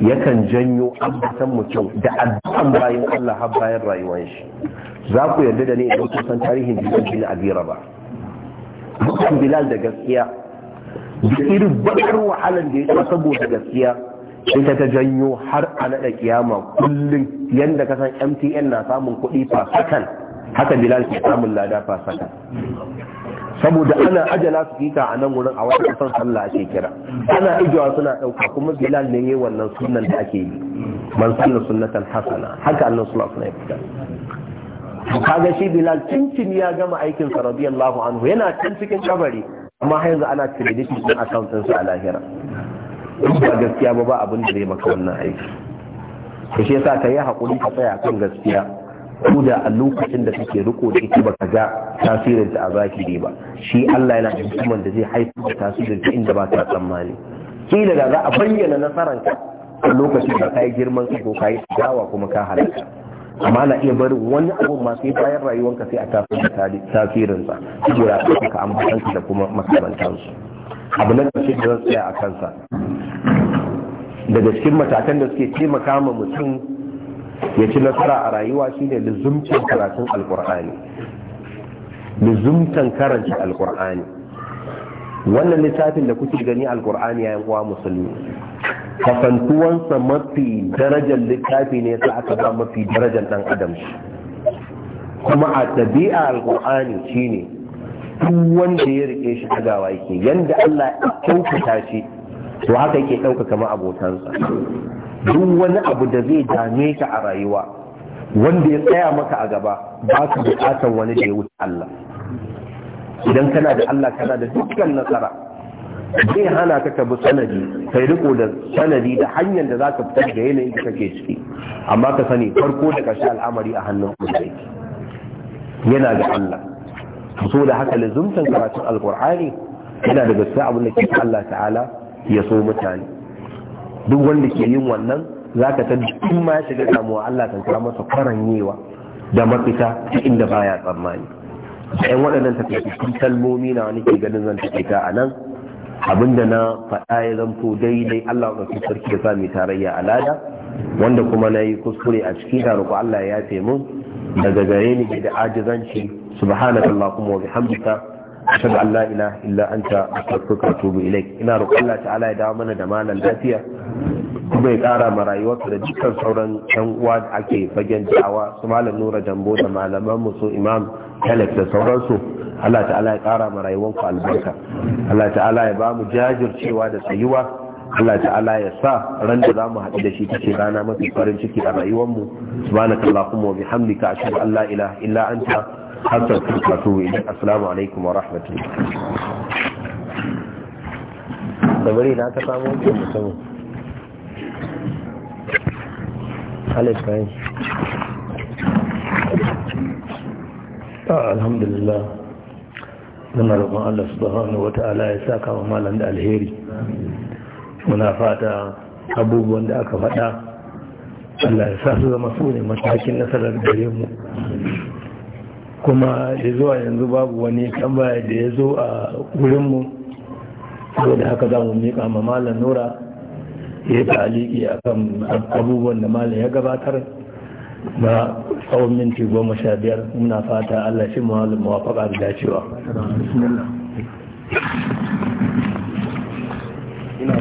yakan janyo ambatan mutum da addu'an bayan Allah har bayan rayuwar shi za ku yarda da ni idan kun san tarihin Bilal bin ba. Rabah Bilal da gaskiya da irin bakar wahalan da ya saboda gaskiya ita ta janyo har a naɗa kiyama kullum yadda ka san mtn na samun kuɗi fasakan haka bilal ke samun lada fasakan saboda ana ajala su fita a nan wurin a wata kasan sallah ake kira ana ijiwa suna ɗauka kuma bilal ne yi wannan sunan da ake yi man sallar sunatan hasana haka annan suna suna ya fita kaga shi bilal cincin ya gama aikin sa radiyallahu anhu yana can cikin kabari amma har yanzu ana credit din account sa a lahira in ba gaskiya ba ba abin da zai maka wannan aiki ka shi yasa ka yi haƙuri ka tsaya kan gaskiya ko da a lokacin da kake riko da ita baka ga tasirin ta a zahiri ba shi Allah yana da hukumar da zai haifar da tasirin ta inda ba ta tsammani kila da za a bayyana nasarar a lokacin da ka yi girman ka ko ka yi dawa kuma ka halarta. amma na iya bari wani abu masu yi bayan rayuwanka sai a tasirin ka ambatan da kuma makamantansu abu na ƙarshe da zan tsaya a kansa daga cikin matakan da suke taimaka ma mutum ya ci nasara a rayuwa shine luzumtan karatun alkur'ani luzumtan karanta alkur'ani wannan littafin da kuke gani alkur'ani yi kowa musulmi kasantuwansa mafi darajar littafi ne sa aka ba mafi darajar ɗan adam kuma a ɗabi'a alkur'ani shine duk wanda ya rike shi gawa yake yanda Allah ya kyautata shi to haka yake ɗaukaka ma abotansa duk wani abu da zai dame ka a rayuwa wanda ya tsaya maka a gaba ba ka buƙatar wani da ya wuce Allah idan kana da Allah kana da dukkan nasara zai hana ka ka bi sanadi kai riko da sanadi da hanyar da za ka fitar da yanayin da kake ciki amma ka sani farko da ƙarshe al'amari a hannun kuma yana ga Allah so da haka lazumtan karatun alkur'ani yana daga sa abin da ke Allah ta'ala ya so mutane duk wanda ke yin wannan za ka ma ya shiga damuwa Allah kan kira masa kwaranyewa da mafita ta inda baya tsammani yan waɗannan tafiyakun kalmomi na wani ke ganin zan a nan abinda na faɗa ya zanto daidai Allah ɗauki sarki ya sami tarayya a lada wanda kuma na yi kuskure a ciki da roƙo Allah ya yafe mun daga gare ni da ajizanci subhanakallahumma wa bihamdika ashhadu an la ilaha illa anta astaghfiruka wa atubu ilaik ina roƙon Allah ta'ala ya dawo mana da malam lafiya kuma ya ƙara ma rayuwarsa da dukkan sauran yan uwa da ake fagen da'awa su malam nura Jambo da malaman mu su imam talib da sauransu Allah ta'ala ya ƙara ma rayuwarku albarka Allah ta'ala ya ba mu jajircewa da tsayuwa Allah ta'ala ya sa ran da za mu haɗu da shi take rana mafi farin ciki a rayuwarmu subhanakallahumma wa bihamdika ashhadu an la ilaha illa anta حتى تتركوا إليه السلام عليكم ورحمة الله تبري لا تقاموا بمسوا عليك فاين الحمد لله muna roƙon Allah subhanahu wata'ala ya saka wa malam da alheri muna fata abubuwan da aka faɗa Allah ya sa su zama sune matakin nasarar gare mu kuma da zuwa yanzu babu wani tambaya da ya zo a wurinmu da haka za mu miƙa ma malam nura ya aliki a kan abubuwan da malam ya gabatar na tsawon minti goma sha biyar muna fata allah shi malam mawafaka da dacewa ina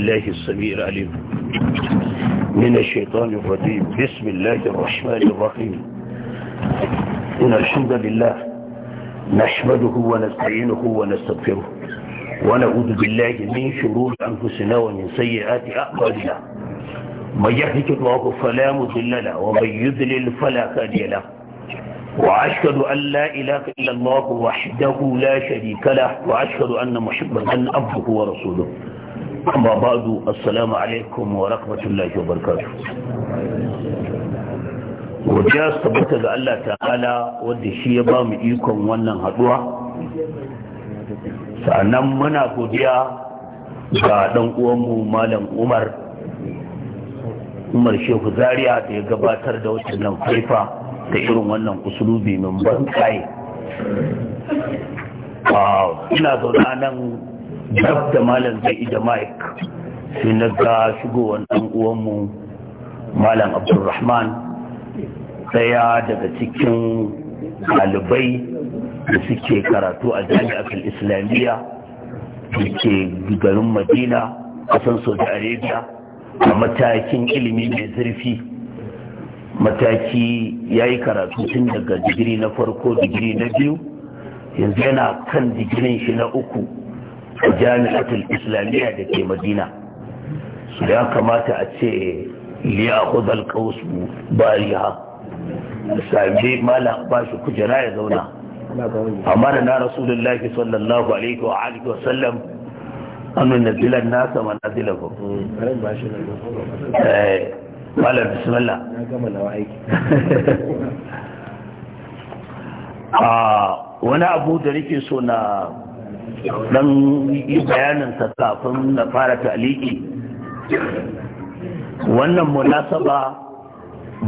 بالله السميع العليم من الشيطان الرجيم بسم الله الرحمن الرحيم إن الحمد لله نحمده ونستعينه ونستغفره ونعوذ بالله من شرور أنفسنا ومن سيئات أعمالنا من يهدك الله فلا مضل له ومن يضلل فلا هادي له وأشهد أن لا إله إلا الله وحده لا شريك له وأشهد أن محمدا عبده ورسوله أما بعد alaikum wa ورحمة الله وبركاته wajen tabbata ga Allah ta'ala wadda shi ya ba mu ikon wannan haduwa Sannan muna godiya ga dan uwanmu malam umar umar shehu zaria da ya gabatar da nan Haifa da irin wannan usulubi min ban kai ah, ina zauna nan dab da malam zai ida mike sai na ga shigowar ɗan uwanmu malam abdulrahman ɗaya daga cikin ɗalibai da suke karatu a jami'ar islamiyya da ke garin madina kasan saudi arabia a matakin ilimi mai zurfi mataki ya yi karatu tun daga digiri na farko digiri na biyu yanzu yana kan digirin shi na uku jami'atul islamiyya da ke madina su ya kamata a ce liya hudal kausu bariya sami mala ba shi kujera ya zauna amma da na rasulullahi sallallahu alaihi wa alihi wa sallam an nazilan nasa ma eh, malam bismillah na gama nawa aiki a ah, wani abu da nake so na dan yi bayanin kafin na fara taliki wannan munasaba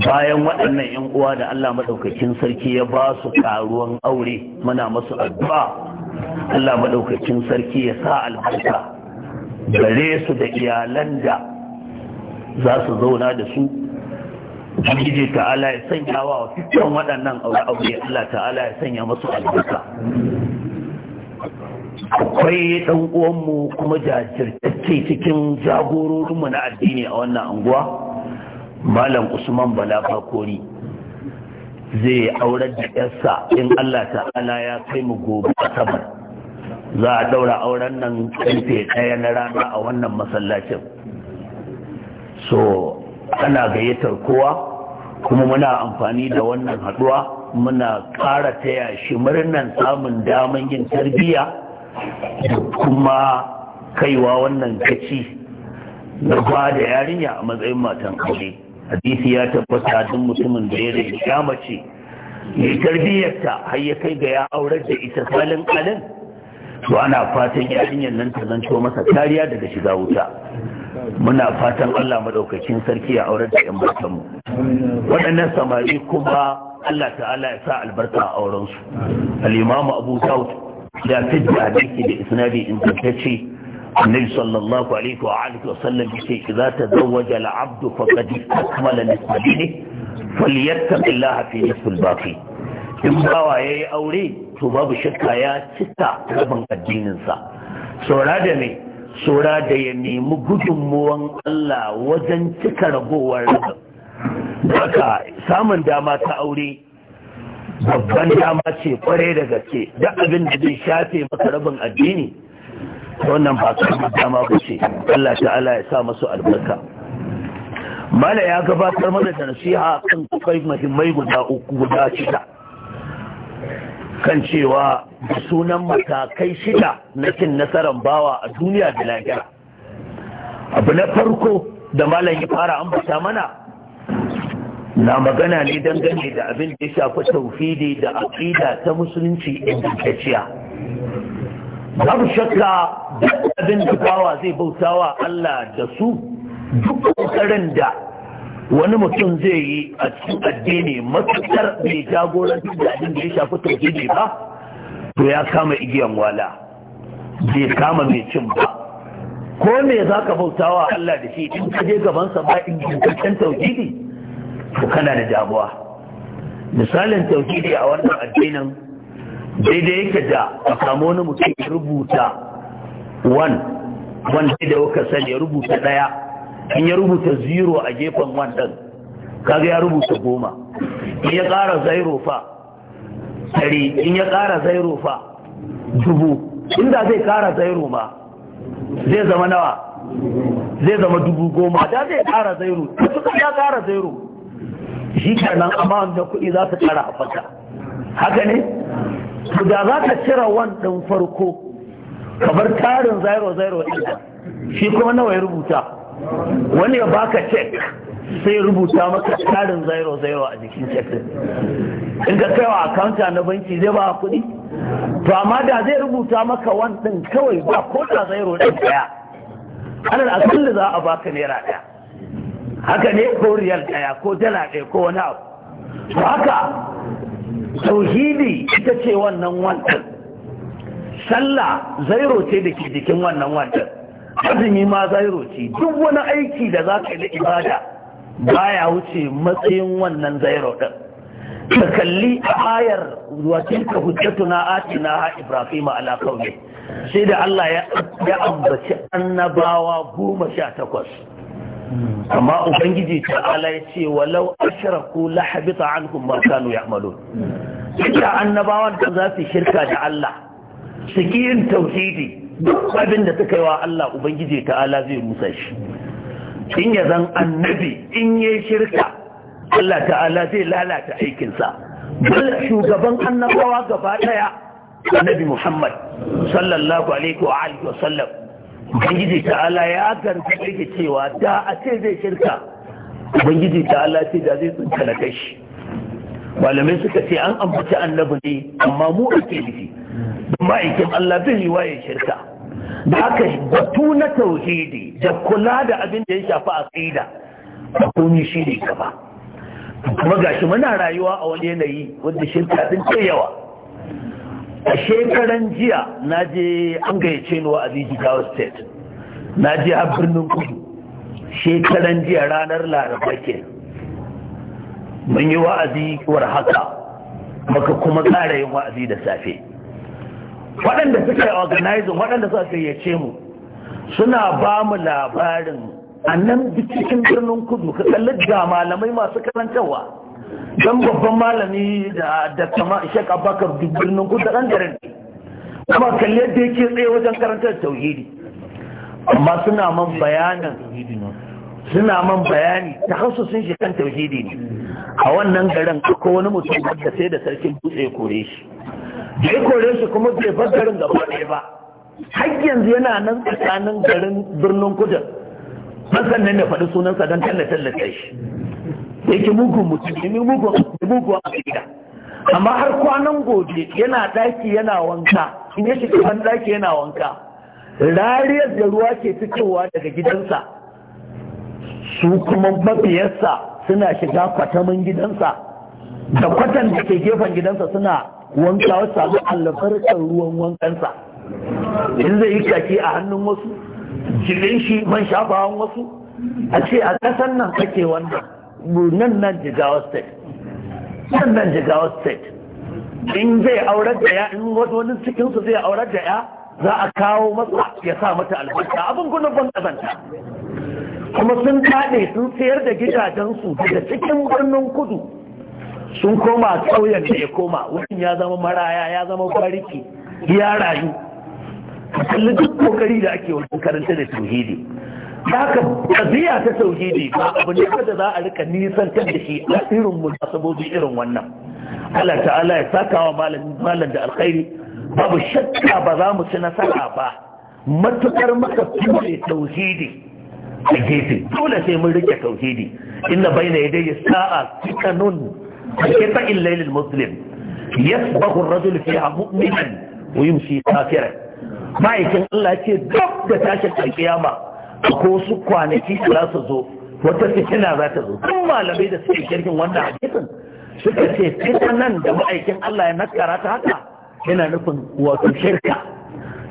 bayan waɗannan yan uwa da Allah madaukakin sarki ya ba su karuwan aure muna masu addu'a Allah madaukakin sarki ya sa albarka gare su da iyalan da za su zauna da su ubangiji ta'ala ya sanya wa fitan waɗannan aure Allah ta'ala ya sanya masu albarka akwai ɗan uwanmu kuma jajirtacce cikin jagororinmu na addini a wannan anguwa malam usman bala fakori zai aurar da yarsa in allah ta'ala ya kai mu gobe asabar za a daura auren nan karfe ɗaya na rana a wannan masallacin so ana gayyatar kowa kuma muna amfani da wannan haɗuwa muna ƙara taya shi murnan samun damar yin tarbiyya kuma kaiwa wannan gaci na ba da yarinya a matsayin matan aure hadisi ya tabbata duk mutumin da ya da ya mace ya tarbiyyarta har ya kai ga ya aurar da ita salin kalin to ana fatan yarinyar nan ta zanto masa kariya daga shiga wuta muna fatan Allah madaukakin sarki ya aurar da yan mu waɗannan samari kuma Allah ta'ala ya sa albarka a auren su. al-imamu Abu Dawud da ta ji hadisi da isnadi ingantacce annabi sallallahu alaihi wa alihi wa sallam yace idza tazawwaja al-abdu faqad istakmala nisbatihi falyattaqillaha fi nisfi al-baqi in bawa yayi aure to babu shakka ya cika rabin addinin sa da me saura da ya nemi gudunmuwan Allah wajen cika ragowar rabin haka samun dama ta aure babban dama ce kware da gaske duk abin da zai shafe maka rabin addini wannan ba karbi dama ba ce Allah ta'ala ya sa masu albarka mala ya gabatar mana da nasiha kan kai muhimmai guda uku guda shida kan cewa sunan matakai shida na cin nasarar bawa a duniya da lahira abu na farko da malam ya fara ambata mana na magana ne dangane da abin da ya shafi taufidi da aƙida ta musulunci ingantacciya babu shakka duk abin da bawa zai wa Allah da su duk ƙoƙarin da wani mutum zai yi a cikin addini matuƙar mai jagoranci da abin da ya shafi taufidi ba to ya kama igiyan wala bai kama mai cin ba ko me zaka ka bautawa Allah da shi in ka je gabansa ba in ingantaccen tauhidi to kana da damuwa misalin tauhidi a wannan addinin daidai yake da a samu wani mutum ya rubuta one one da waka sani ya rubuta daya in ya rubuta zero a gefen one din kaga ya rubuta goma in ya ƙara zairo fa ɗari in ya kara zairo fa dubu inda zai ƙara zairo ma zai zama nawa zai zama dubu goma da zai ƙara zairo da suka ya ƙara zairo shi kenan amma na kuɗi za su ƙara a fata haka ne da za ka cire wan ɗin farko kamar tarin 00 ɗin shi kuma nawa ya rubuta wani ya baka cek sai rubuta maka tarin 00 a jikin cek in ka kai wa akanta na banki zai ba kuɗi to amma da zai rubuta maka wan ɗin kawai ba ko da 0 ɗin ɗaya ana da za a baka naira ɗaya haka ne ko riyal daya ko dala daya ko wani abu to haka tauhidi ita ce wannan wancan sallah zairo ce da ke jikin wannan wancan azumi ma zairo ce duk wani aiki da za ka yi ibada baya wuce matsayin wannan zairo din ka kalli a ayar wacinka hujjatuna atina ha ibrahim ala sai da Allah ya ambaci annabawa goma sha takwas Mm. amma ubangiji ta'ala ya ce walau ashraku la habita anhum ma kanu ya'malun ita mm. annabawan da za su shirka da Allah su yin tauhidi duk abin da suka yi wa Allah ubangiji ala zai musa shi in ya zan annabi in yayi shirka Allah ala zai lalata aikinsa bal shugaban annabawa gaba daya annabi Muhammad sallallahu alaihi wa alihi wa sallam ubangiji ta'ala ya ganta yake cewa da a ce zai shirka ubangiji ta'ala ce da zai tsinta na kashi malamai suka ce an ambaci annabi ne amma mu ake nufi don ma'aikin Allah bin waye shirka da aka batu na tauhidi da kula da abin da ya shafi aqida da komi shi ne gaba kuma gashi muna rayuwa a wani yanayi wanda shirka din ce yawa a shekaran jiya na je an gayyace ni wa'azi jigawa state na je a birnin kudu shekaran jiya ranar laraba ke mun yi wa'azi war haka maka kuma tsara yin wa'azi da safe waɗanda suka yi organizing waɗanda suka gayyace mu suna ba mu labarin a nan cikin birnin kudu ka kalli ga malamai masu karantarwa dan babban malami da da kama Sheikh Abubakar Birnin da dan garin kuma kalle yadda yake tsaye wajen karantar tauhidi amma suna man bayanin suna man bayani ta hausa sun shi kan tauhidi ne a wannan garin ko wani mutum da sai da sarkin dutse kore shi da kore shi kuma bai bar garin gaba ɗaya ba har yanzu yana nan tsakanin garin birnin kudin masannan ya faɗi sunansa don tallata shi da yake mugun mutum ne mugun a amma har kwanan gobe yana daki yana wanka in ya shiga ban daki yana wanka rariyar da ruwa ke fitowa daga gidansa su kuma mafiyarsa suna shiga kwatamin gidansa da kwatan da ke gefen gidansa suna wanka wasu samu albarkar ruwan wankansa in zai yi kaki a hannun wasu jirin shi man shafawan wasu a ce a ƙasan nan kake wannan nan nan jigawa state nan nan jigawa state in zai aurar da ya in wani cikin zai aurar da ya za a kawo masa ya sa mata albarka abin gudun ban kazanta kuma sun kaɗe sun sayar da gidajensu daga cikin birnin kudu sun koma ƙauyen da ya koma wurin ya zama maraya ya zama bariki ya rayu kalli duk kokari da ake wajen karanta da tauhidi da haka ƙaziya ta tauhidi ba abu ne kada za a rika nisan da shi a irin sabobi irin wannan Allah ta'ala ya saka wa malam da alkhairi babu shakka ba za mu ci nasara ba matukar maka ture tauhidi a gefe dole sai mun rike tauhidi inna baina ya sa'a tikanun kayfa illal muslim yasbahu ar-rajul fiha mu'minan wa yumshi kafiran ma'aikin Allah ce duk da tashin alkiyama ko su kwanaki za su zo wata fitina za ta zo tun malamai da suke kirkin wannan hadisin suka ce fitinan da ma'aikin Allah ya nakara ta haka yana nufin wato shirka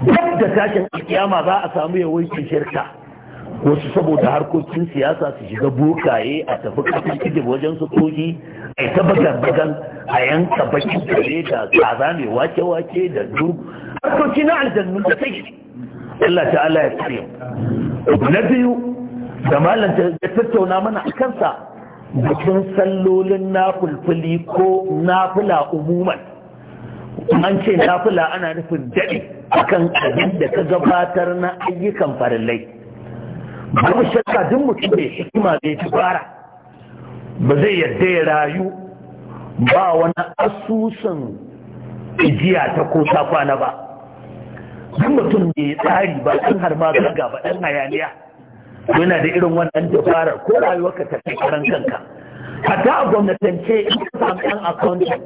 duk da tashin alkiyama za a samu yawancin shirka wasu saboda harkokin siyasa su shiga bokaye a tafi kafin kijin wajen su kogi a ta bagan bagan a yanka bakin kare da kaza mai wake-wake da duk harkoki na aljannu da yi. Allah ta'ala ya tsare mu na biyu da malam ta tattauna mana a kansa bikin sallolin nafulfuli ko nafula umuman an ce nafula ana nufin daɗi akan abin da ka gabatar na ayyukan farillai babu shakka duk mutum mai hikima zai ci fara ba zai yarda ya rayu ba wani asusun ijiya ta ko ta kwana ba duk mutum ne tsari ba sun har ma gaga ba ɗan hayaniya yana da irin wannan dabarar ko rayuwar ka tafi karan kanka hatta a gwamnatance in ka samu ɗan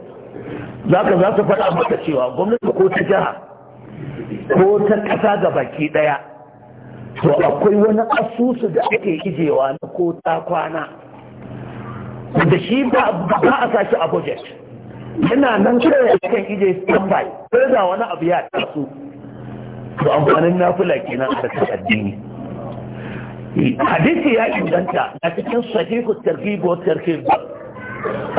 za ka za su faɗa maka cewa gwamnati ko ta jiha ko ta ƙasa ga baki ɗaya to akwai wani asusu da ake ijewa na ko ta kwana da shi ba a sashi a budget yana nan kawai akan ije standby sai da wani abu ya taso to amfanin nafila kenan a cikin addini hadisi ya inganta a cikin sahihu targhib wa tarhib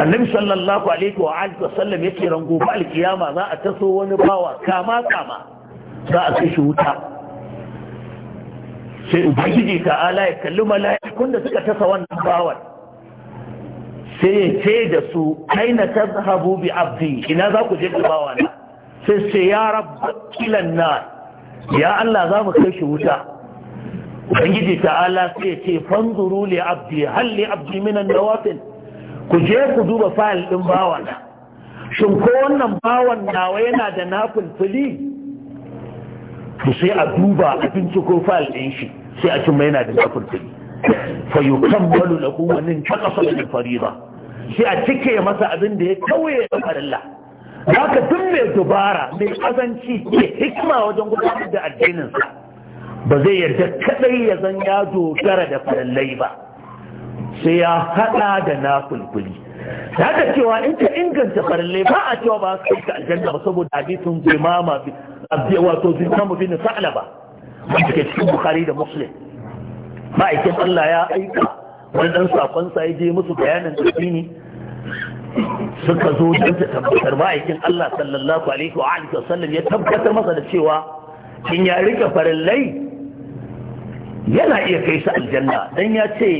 annabi sallallahu alaihi wa alihi wa sallam gobe alkiyama za a taso wani bawa kama kama za a kai wuta sai ubangiji ta'ala ya kalli mala'ikun da suka tasa wannan bawan sai ya ce da su aina tazhabu bi abdi ina za ku je ku bawa na sai sai ya rabba kilan nar ya Allah za mu kai shi wuta ubangiji ta'ala sai ya ce fanzuru li abdi hal li abdi min an-nawafil ku je ku duba fayil din bawan shin ko wannan bawan nawa yana da nafilfili to sai a duba a binciko fayil din shi sai a cimma yana da nafilfili fa yukammalu lahu wa nin taqasa min fariida sai a cike masa abin da ya kauye da farilla za ka tun mai dubara mai azanci ke hikima wajen gudanar da addininsa ba zai yarda kadai ya zan ya dogara da farallai ba sai ya hada da na kulkuli ta da cewa in ka inganta farallai ba a cewa ba su ka aljanna ba saboda hadisin zimama wato zimamu bin sa'laba wanda ke cikin bukari da muslim ma'aikin allah ya aika wani dan sa ya je musu bayanin addini suka zo don ta tabbatar ma'aikin Allah sallallahu alaihi wa alihi wasallam ya tabbatar masa da cewa in ya rika farallai? yana iya kai shi aljanna dan ya ce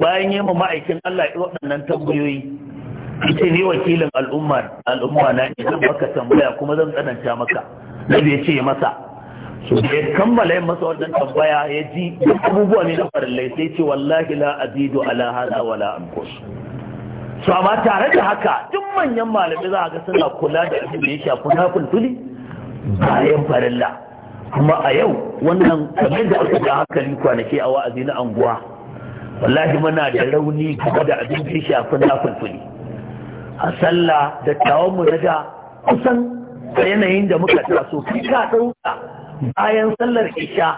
bayan yi ma'aikin Allah waɗannan tambayoyi ce ne wakilin al'ummar al'umma na ne zan maka tambaya kuma zan tsananta maka nabi ya ce masa so ya kammala yin masa wannan tambaya ya ji abubuwa ne na farallai sai ce wallahi la azidu ala hada wala anqus su amma tare da haka duk manyan malamai za a ga suna kula da abin da ya shafi na bayan farilla kuma a yau wannan kamar da aka ga hankali kwanaki a wa'azi na anguwa wallahi muna da rauni kuma da abin da ya shafi na a sallah da tawon mu na da kusan yanayin da muka taso kai ka ɗauka bayan sallar isha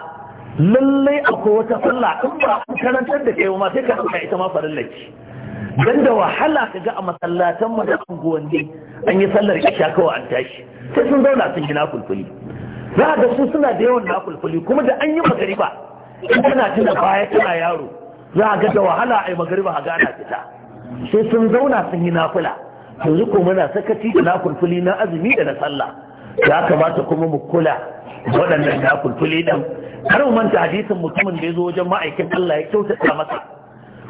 lallai akwai wata sallah in ba karantar da kai ma sai ka ɗauka ita ma farilla ce dan da wahala ka ga a masallatan mu da unguwanni an yi sallar isha kawai an tashi sai sun zauna sun gina kulkuli za ga su suna da yawan nakulkuli kuma da an yi magariba in tana tuna baya tana yaro za ga da wahala a yi magariba a gana fita sai sun zauna sun yi nafula yanzu ko muna sakaci da nakulkuli na azumi da na sallah ya kamata kuma mu kula waɗannan nakulkuli ɗin Har mu manta hadisin mutumin da ya zo wajen ma'aikin Allah ya kyautata masa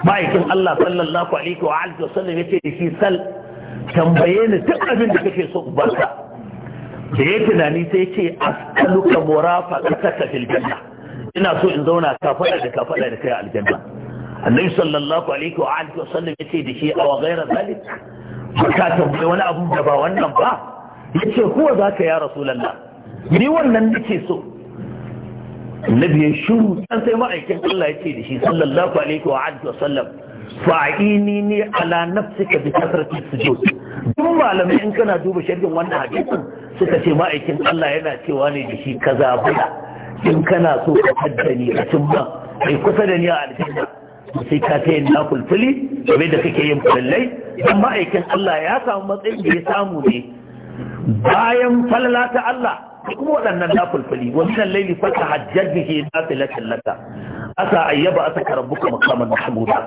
ma'aikin Allah sallallahu alaihi wa alihi wasallam ce da shi sal tambaye ni duk abin da kake so ubarka da ya tunani sai ce as'aluka murafaqataka fil janna ina so in zauna ka fada da ka fada da kai aljanna annabi sallallahu alaihi wa alihi wasallam ce da shi aw ghayra zalik ka tambaye wani abu da ba wannan ba yace huwa zaka ya rasulullah ni wannan nake so Na biyan shiru dan sai ma'aikin Allah ya ce da shi sallallahu alaihi wa alihi wa sallam fa'ini ni ala nafsika bi kasrati sujud duk malamai in kana duba sharhin wannan hadisin suka ce ma'aikin Allah yana cewa ne da shi kaza in kana so ka haddani a cimma kai kusa da ni a aljanna sai ka ta yin nakulfuli game da kake yin fulallai dan ma'aikin Allah ya samu matsayin da ya samu ne bayan falala ta Allah kuma waɗannan fulfuli wa min al-layli fatahajjad bihi nafilatan lata asa ayyaba asaka rabbuka maqaman mahmuda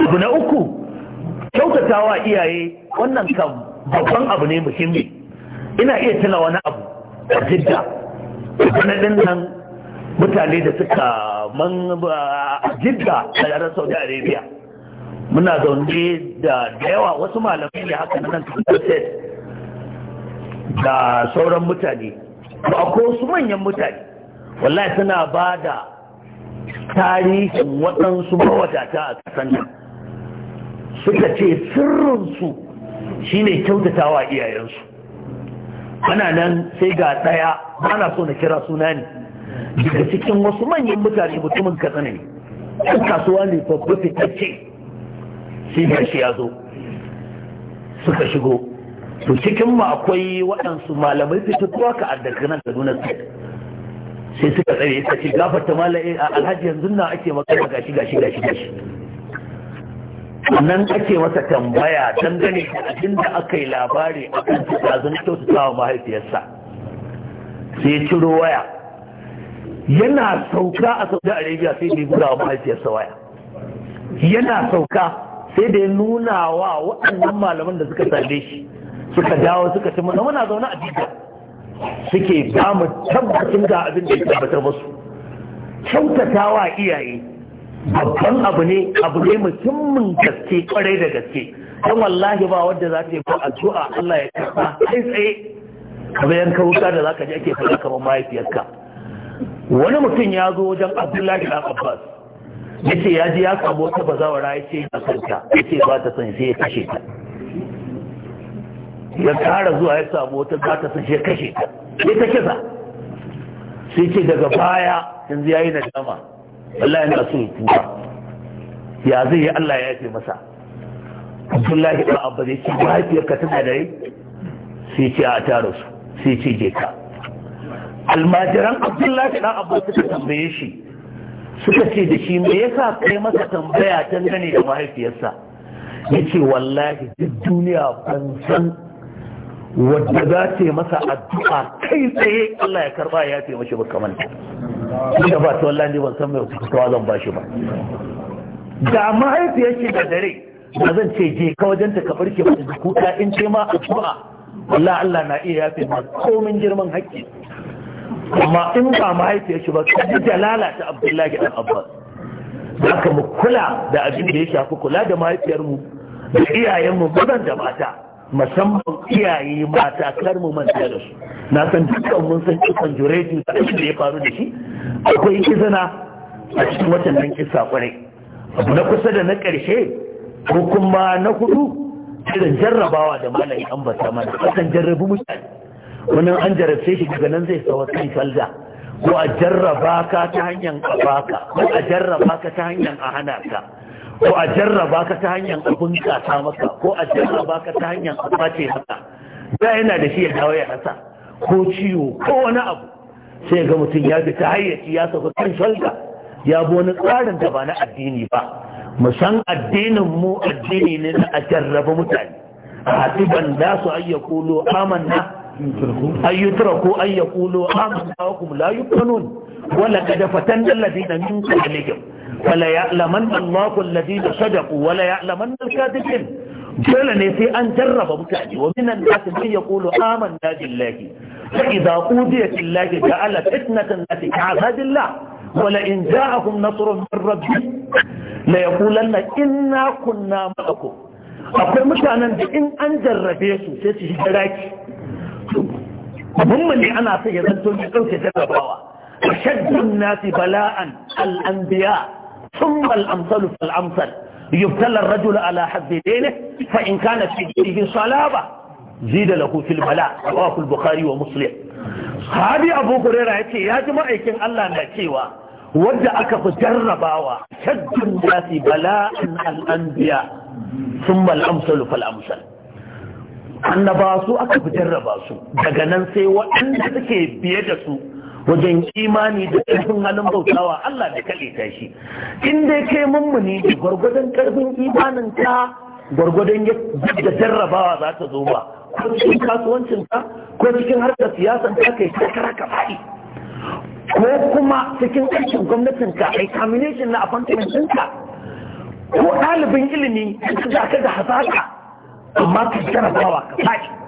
abu na uku kyautatawa iyaye wannan kan babban abu ne muhimmi ina iya tuna wani abu a jidda sanadin nan mutane da suka man jidda a yaran saudi arabia muna zaune da yawa wasu malamai ne haka nan da sauran mutane ba akwai wasu manyan mutane wallahi suna ba da tarihin waɗansu mawadata a ƙasar nan suka ce sirrinsu shine kyautatawa iyayensu ana nan sai ga ɗaya ba na so na kira suna ne daga cikin wasu manyan mutane mutumin katsina ne ɗan kasuwa ne babba fitacce sai ga shi ya zo suka shigo to cikin mu akwai waɗansu malamai fitattuwa ka addaka nan nuna su sai suka tsare ya ce gafarta malai eh, a alhaji yanzu na ake magana gashi gashi gashi gashi nan ake masa tambaya dangane da abin da aka yi labari a kan tsazin wa mahaifiyarsa sai ya ciro waya yana sauka a saudi arabia sai da ya gura wa mahaifiyarsa waya yana sauka sai da ya nuna wa waɗannan malaman da suka same shi suka dawo suka ci mana muna zaune a jidda suke ba tabbacin ga abin da ya tabbatar musu kyautatawa iyaye babban abu ne abu ne muhimmin gaske kwarai da gaske don wallahi ba wadda za ta yi ba addu'a Allah ya karɓa kai tsaye kamar yanka wuta da za ka ji ake faɗa kamar mahaifiyarka wani mutum ya zo wajen Abdullahi dan Abbas ce ya ji ya samu wata bazawara ya a kanta yace ba ta son sai ya kashe ta ya kara zuwa ya samu wata za ta sashe kashe ta ya ta kisa sai ce daga baya yanzu ya yi na dama wallahi na so kuka. ya zai yi Allah ya ce masa Abdullahi ɗan abba zai ce mahaifiyarka tana da yi. sai ce a tara su sai ce je ka almajiran Abdullahi ɗan abba suka tambaye shi suka ce da shi me yasa kai masa tambaya dangane da mahaifiyarsa ya ce wallahi duk duniya ban san wadda za ta masa addu'a kai tsaye Allah ya karba ya ce mashi makaman da ba ta wallahi ban san mai fitowa zan ba shi ba da mahaifiyar yake da dare ba zan ce je ka wajen ta kabar ke mata kuka in ce ma addu'a wallahi Allah na iya yafe ma komin girman haƙƙi amma in ba mahaifiyar shi ba ka ji dalala ta Abdullahi Abba. Abbas haka mu kula da abin da ya shafi kula da mahaifiyarmu da iyayenmu mazan da mata musamman iyaye mata kar mu manta da su na san dukkan mun san kisan jurejin da da ya faru da shi akwai izina a cikin watannan kisa kwarai abu na kusa da na karshe ko kuma na hudu irin jarrabawa da malami an ambata mana akan jarrabu mutane wani an jarrabce shi daga nan zai sawa kai salda ko a jarraba ka ta hanyar a ko a jarraba ka ta hanyar a hana ka ko a jarraba ka ta hanyar abin kasa maka ko a jarraba ka ta hanyar kwace maka da yana da shi ya dawo ya rasa ko ciwo ko wani abu sai ga mutum ya fita hayyaci ya sauka kan shalga ya bi wani tsarin da ba na addini ba musan addinin mu addini ne na a jarraba mutane a ban da su ayyakulu amanna ko ayyakulu amanna wa kum la yuqanun wala kad fatanna min qablihim wala ya'laman Allahu alladhina sadaqu wala ya'laman al-kadhibin dole ne sai an jarraba mutane wa minan nas man yaqulu amanna billahi fa idza qudiya billahi ja'ala fitnatan lati ka'adillah wala in a ja'akum nasrun min rabbi la yaqulanna inna kunna ma'akum akwai mutanen da in an jarrabe su sai su Abin raki mummuni ana sai ya zanto ya dauke jarrabawa أشد الناس بلاء الأنبياء ثم الأمثل فالأمثل يبتلى الرجل على حد دينه فإن كانت في دينه صلابة زيد له في البلاء رواه البخاري ومسلم sahabi abu hurera ya ce ya ji ma'aikin Allah na cewa wadda aka fi jarrabawa shaddun nasi bala'in al'anbiya sun mal'amsalu fal'amsal annaba aka fi jarraba su daga nan sai waɗanda suke biye da su wajen imani da ƙarfin halin bautawa Allah da kaɗe ta shi in dai kai mummuni da gwargwadon ƙarfin imanin ta gwargwadon yadda jarrabawa za ta zo ba ko cikin kasuwancin ko cikin harkar siyasan ka kai takara ka faɗi ko kuma cikin aikin gwamnatin ka a kaminishin na appointment ɗinka ko ɗalibin ilimi ka ga ka da hazaka amma ka jarrabawa ka faɗi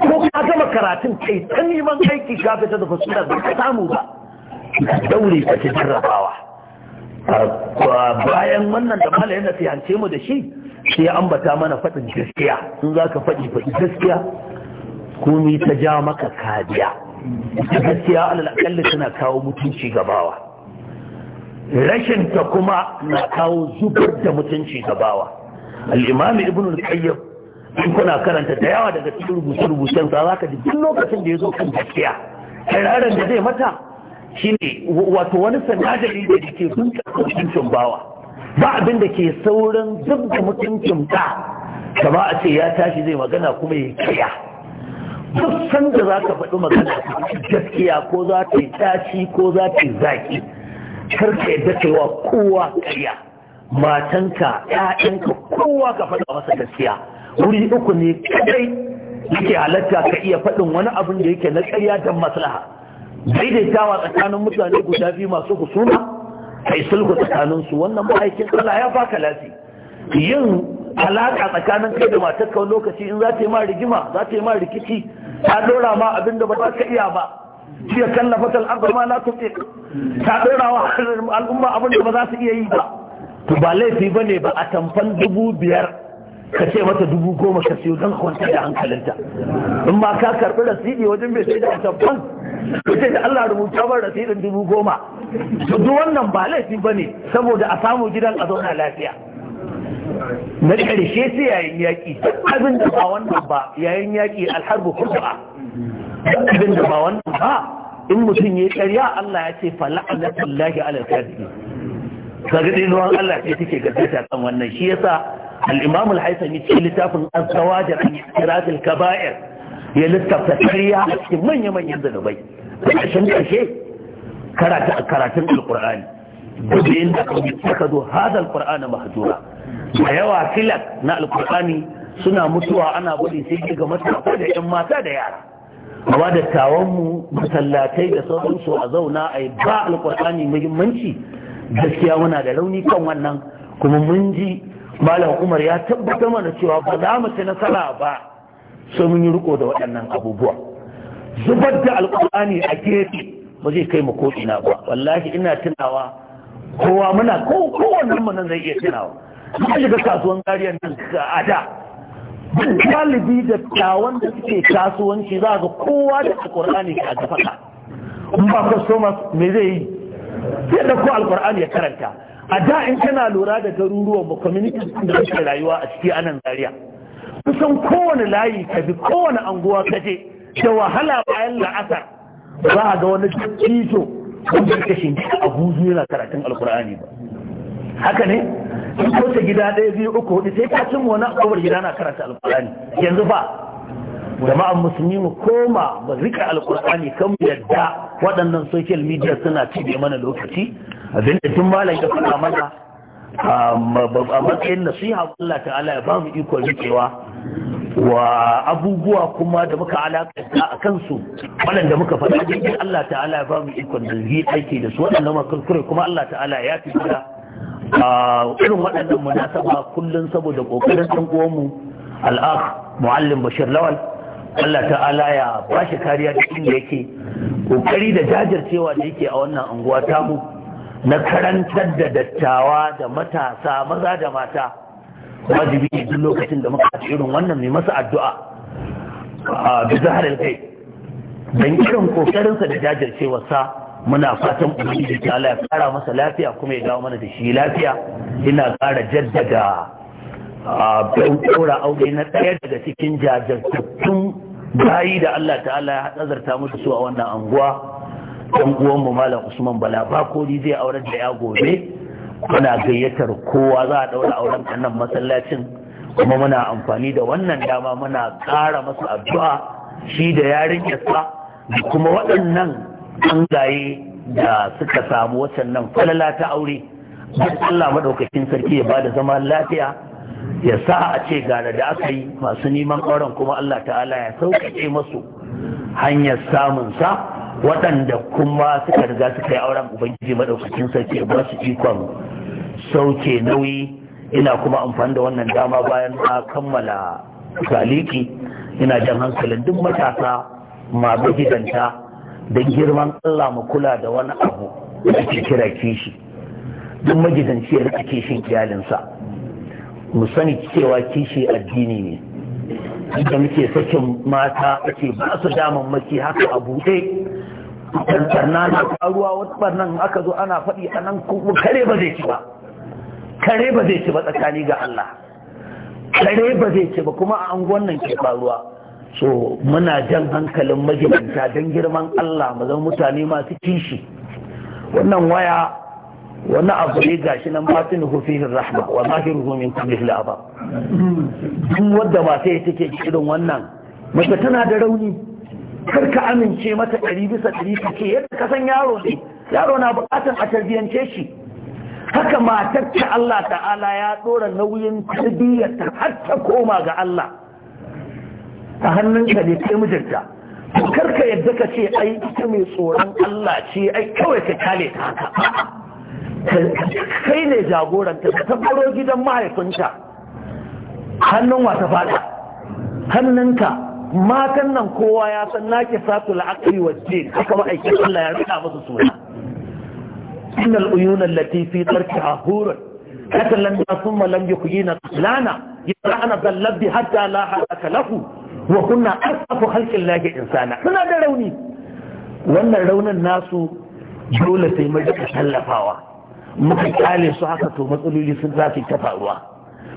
ko ka gama karatun kai ta neman aiki ka fita da fasuna ba ka samu ba daure ka ci jarrabawa bayan wannan da malayin da fiyance mu da shi sai ya ambata mana faɗin gaskiya in za ka faɗi faɗi gaskiya komi ta ja maka kadiya gaskiya alal akalli tana kawo mutunci gabawa rashin ta kuma na kawo zubar da mutunci gabawa al-imam ibn al-qayyim in kuna karanta da yawa daga cikin rubuce-rubucen sa za ka ji duk lokacin da ya zo kan gaskiya tararen da zai mata shine wato wani sanadari da ke sun mutuncin bawa ba abin da ke saurin duk da mutuncin ta kama a ce ya tashi zai magana kuma ya kiya duk sanda za ka faɗi magana gaskiya ko za ta yi tashi ko za ta yi zaki kar ka yadda cewa kowa karya matanka 'ya'yanka kowa ka faɗa masa gaskiya wuri uku ne kadai yake halatta ka iya faɗin wani abin da yake na ƙarya don maslaha daidaitawa tsakanin mutane guda biyu masu husuma a yi sulhu tsakaninsu wannan ma'aikin Allah ya ka lafi yin alaƙa tsakanin kai da matar kawai lokaci in za ta yi ma rigima za ta yi ma rikici ta ɗora ma abin da ba za ka iya ba shi ya kallafa tal'arba ma la ta ɗora wa al'umma abin da ba za su iya yi ba to ba laifi ba ne ba a tamfan dubu biyar ka ce mata dubu goma ka siyo don kwanta da hankalinta in ma ka karɓi rasidi wajen bai sai da ban ka ce da Allah rubuta ban rasidin dubu goma duk wannan ba laifi ba ne saboda a samu gidan a zauna lafiya na ƙarshe sai yayin yaƙi abin da ba wannan ba yayin yaƙi alharbu kurba abin da ba wannan ba in mutum ya yi ƙarya Allah ya ce fa la'anatullahi alal kadhib gargaɗin ruwan Allah ce take gaskata kan wannan shi yasa al-Imam al-Haythami cikin littafin Az-Zawajir an Siratul Kaba'ir ya lissafta kariya a cikin manya-manyan zanubai ƙarshen ƙarshe karatun al-Qur'ani duk da inda aka zo hadal Qur'ana mahjura da yawa filak na al-Qur'ani suna mutuwa ana gudu sai ga matasa da 'yan mata da yara amma da mu masallatai da sauransu a zauna a yi ba alƙur'ani muhimmanci gaskiya muna da launi kan wannan kuma mun ji malam umar ya tabbatar mana cewa ba za mu ci nasara ba sai mun yi riko da waɗannan abubuwa zubar da alƙur'ani a gefe ba zai kai mu ko ina ba wallahi ina tunawa kowa muna kowanne mu nan zai iya tunawa mun shiga kasuwan gariyan nan ada da galibi da tawon da suke kasuwanci za ga kowa da alƙur'ani a gafaka in ba customers me zai yi sai ɗauko alkur'ani ya karanta a da in kana lura da garuruwan mu communities da suke rayuwa a ciki anan zariya kusan kowane layi ka bi kowane anguwa ka je da wahala bayan la'asar za a ga wani tito wanda ka shinka a buzu yana karatun alkur'ani ba haka ne in kauce gida ɗaya biyu uku hudu sai ka cin wani abubuwar gida na karanta alkur'ani yanzu ba jama'an musulmi mu koma ba rika alkur'ani kan yadda waɗannan social media suna cibe mana lokaci abinda tun malam ya faɗa mana a matsayin nasiha Allah ta'ala ya ba mu ikon rikewa wa abubuwa kuma da muka alakanta a kansu waɗanda muka faɗa jirgin Allah ta'ala ya ba mu ikon da zai aiki da su Waɗannan makarkure kuma Allah ta'ala ya fi gida a irin waɗannan munasaba kullum saboda ƙoƙarin ɗan uwanmu al'akh muallim bashir lawal Allah ta'ala ya ba shi kariya da inda yake kokari da jajircewa da yake a wannan unguwa mu na karantar da dattawa da matasa maza da mata wajibi duk lokacin da muka irin wannan mai masa addu'a a bizaharin kai don irin kokarinsa da sa muna fatan ubangiji ta ya kara masa lafiya kuma ya dawo mana da shi lafiya ina kara jaddada a ɗaura aure na ɗaya daga cikin jajirtattun bayi da Allah ta'ala ya hatsarta musu su a wannan anguwa ɗan mu malam usman bala ba bakoli zai aure da ya gobe muna gayyatar kowa za a ɗaura auren annan masallacin kuma muna amfani da wannan dama muna ƙara masu addu'a shi da yarinyarsa da kuma waɗannan angaye da suka samu waccan nan falala ta aure Allah madaukakin sarki ya bada zaman lafiya ya sa a ce gane da aka yi masu neman auren kuma Allah ta'ala ya sauƙaƙe masu hanyar samunsa. waɗanda kuma suka riga suka yi auren ubangiji maɗaukacin sarki ba su ikon sauke nauyi ina kuma amfani da wannan dama bayan na kammala saliki ina jan hankalin duk matasa ma gidanta da girman Allah mu kula da wani abu da ake kira kishi duk magidanci ya rika kishin iyalinsa mu sani cewa kishi addini ne da muke sakin mata ake ba su damammaki haka a buɗe dan na faruwa wata ɓarnan aka zo ana faɗi a nan kare ba zai ci ba kare ba zai ci ba tsakani ga Allah kare ba zai ci ba kuma a anguwan nan ke faruwa so muna jan hankalin majibanta don girman Allah mazan mutane masu kishi wannan waya wani abu ne shi nan batin hufihin rahma wa zahiruhu min kullihi la'aba duk wadda ba sai take irin wannan mace tana da rauni kar ka amince mata ɗari bisa ɗari ke yadda ka san yaro ne yaro na buƙatar a tarbiyyance shi haka matar ta Allah ta'ala ya ɗora nauyin tarbiyyarta har ta koma ga Allah a hannunka ne kai mijinta kar ka yadda ka ce ai ita mai tsoron Allah ce ai kawai ka kale ta haka kai ne jagoranta ka tabbaro gidan mahaifinta. hannun wata fada hannunka matan nan kowa ya san naki satu la'akari waje, aka ma'aikin Allah ya rika masu suna innal uyuna Latifi, fi tarkiha hurun kata lam yasumma lam yuhyina lana yarana dallabi hatta la halaka lahu wa insana suna da rauni wannan raunin nasu dole sai mu tallafawa muka kyale su haka to matsaloli sun za ta faruwa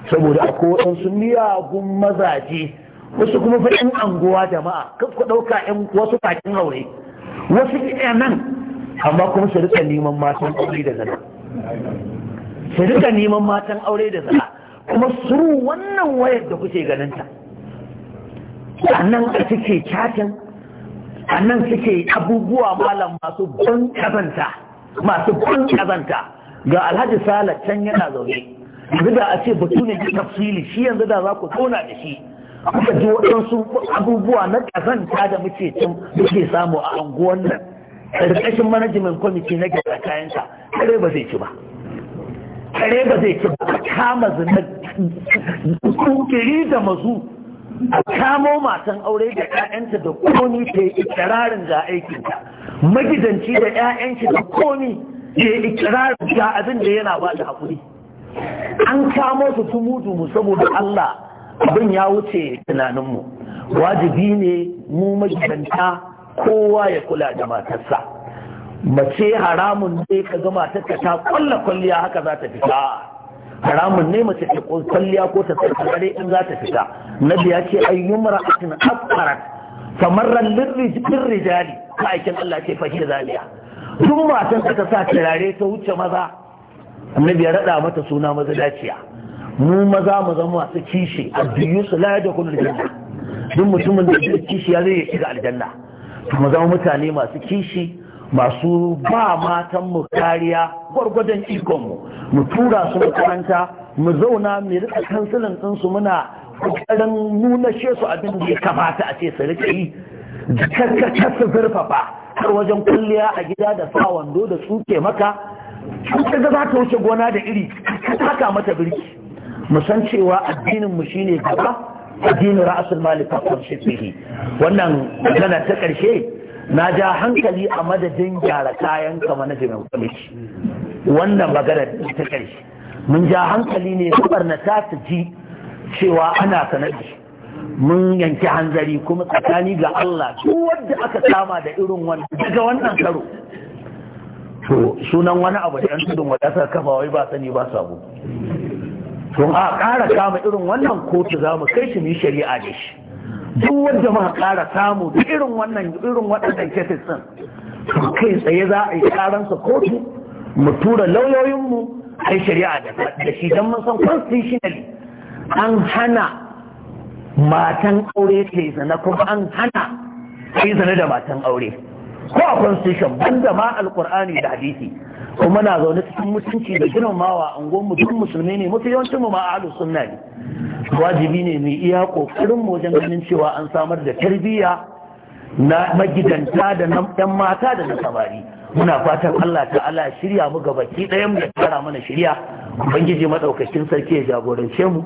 saboda akwai waɗansu miyagun mazaje wasu kuma fa yan anguwa jama'a kan ku ɗauka yan wasu bakin aure wasu ke nan amma kuma su rika neman matan aure da zana su rika neman matan aure da zana kuma suru wannan wayar da kuke ganinta a nan suke chatin a nan suke abubuwa malam masu ban kazanta masu ban kazanta ga alhaji sala can yana zaune yanzu da a ce batu ne tafsili shi yanzu da za ku tona da shi kuka ji waɗansu abubuwa na ƙazanta da muke muke samu a anguwan nan ƙarƙashin manajimin kwamiti na gyara kayanka kare ba zai ci ba kare ba zai ci ba kama zina kukiri da mazu a kamo matan aure da 'ya'yanta da komi ta yi ikirarin ga aikinta magidanci da 'ya'yanki da komi ya ikirar da abin da yana ba da haƙuri an kamo su tun mutu mu saboda Allah abin ya wuce tunaninmu wajibi ne mu magidanta kowa ya kula da matarsa mace haramun ne ka ga matarka ta kwalla kwalliya haka za ta fita haramun ne mace ta kwalliya ko ta tsakarare in za ta fita nabi ya ce afkarar atin asqarat famarran jari, ka aikin Allah ce fahimta zaliya tun matan aka sa turare ta wuce maza annabi ya rada mata suna maza daciya mu maza mu zama masu kishi a biyu su la da kullu janna duk mutumin da ya kishi ya zai ya shiga aljanna to mu zama mutane masu kishi masu ba matan mu kariya gwargwadon ikon mu mu tura su makaranta mu zauna mu rika kansilin din su muna kokarin nuna shesu abin da ya kamata a ce su rika yi da su zurfafa har wajen kulliya a gida da sa wando da suke maka kaga za ta wuce gona da iri haka mata birki mu cewa addinin mu shine gaba addinin ra'asul malik kafin shi wannan magana ta karshe na ja hankali a madadin gyara kayan kama na jimin kwamishi wannan magana ta karshe mun ja hankali ne kabar na ta ji cewa ana sanar da shi mun yanki hanzari kuma tsakani ga Allah duk wadda aka kama da irin wannan daga wannan karo to sunan wani abu da yan tudun wadatar kafa wai ba sani ba sabu to a ƙara kama irin wannan kotu za mu kai shi mu shari'a da shi duk wanda ma ƙara samu da irin wannan irin waɗannan cases din kai tsaye za a yi karansa kotu mu tura lauyoyinmu a yi shari'a da shi don mun san constitutionally an hana matan aure ta zana kuma an hana ta zana da matan aure ko a constitution da ma alkur'ani da hadisi kuma na zaune cikin mutunci da girmamawa an gonmu duk musulmi ne mafi yawancin mu ma'alu sunna ne wajibi ne mai iya kokarin mu wajen ganin cewa an samar da tarbiyya na magidanta da na ɗan mata da na samari muna fatan Allah ta'ala shirya mu ga baki ɗayan mu ya kara mana shirya ubangiji madaukakin sarki ya jagorance mu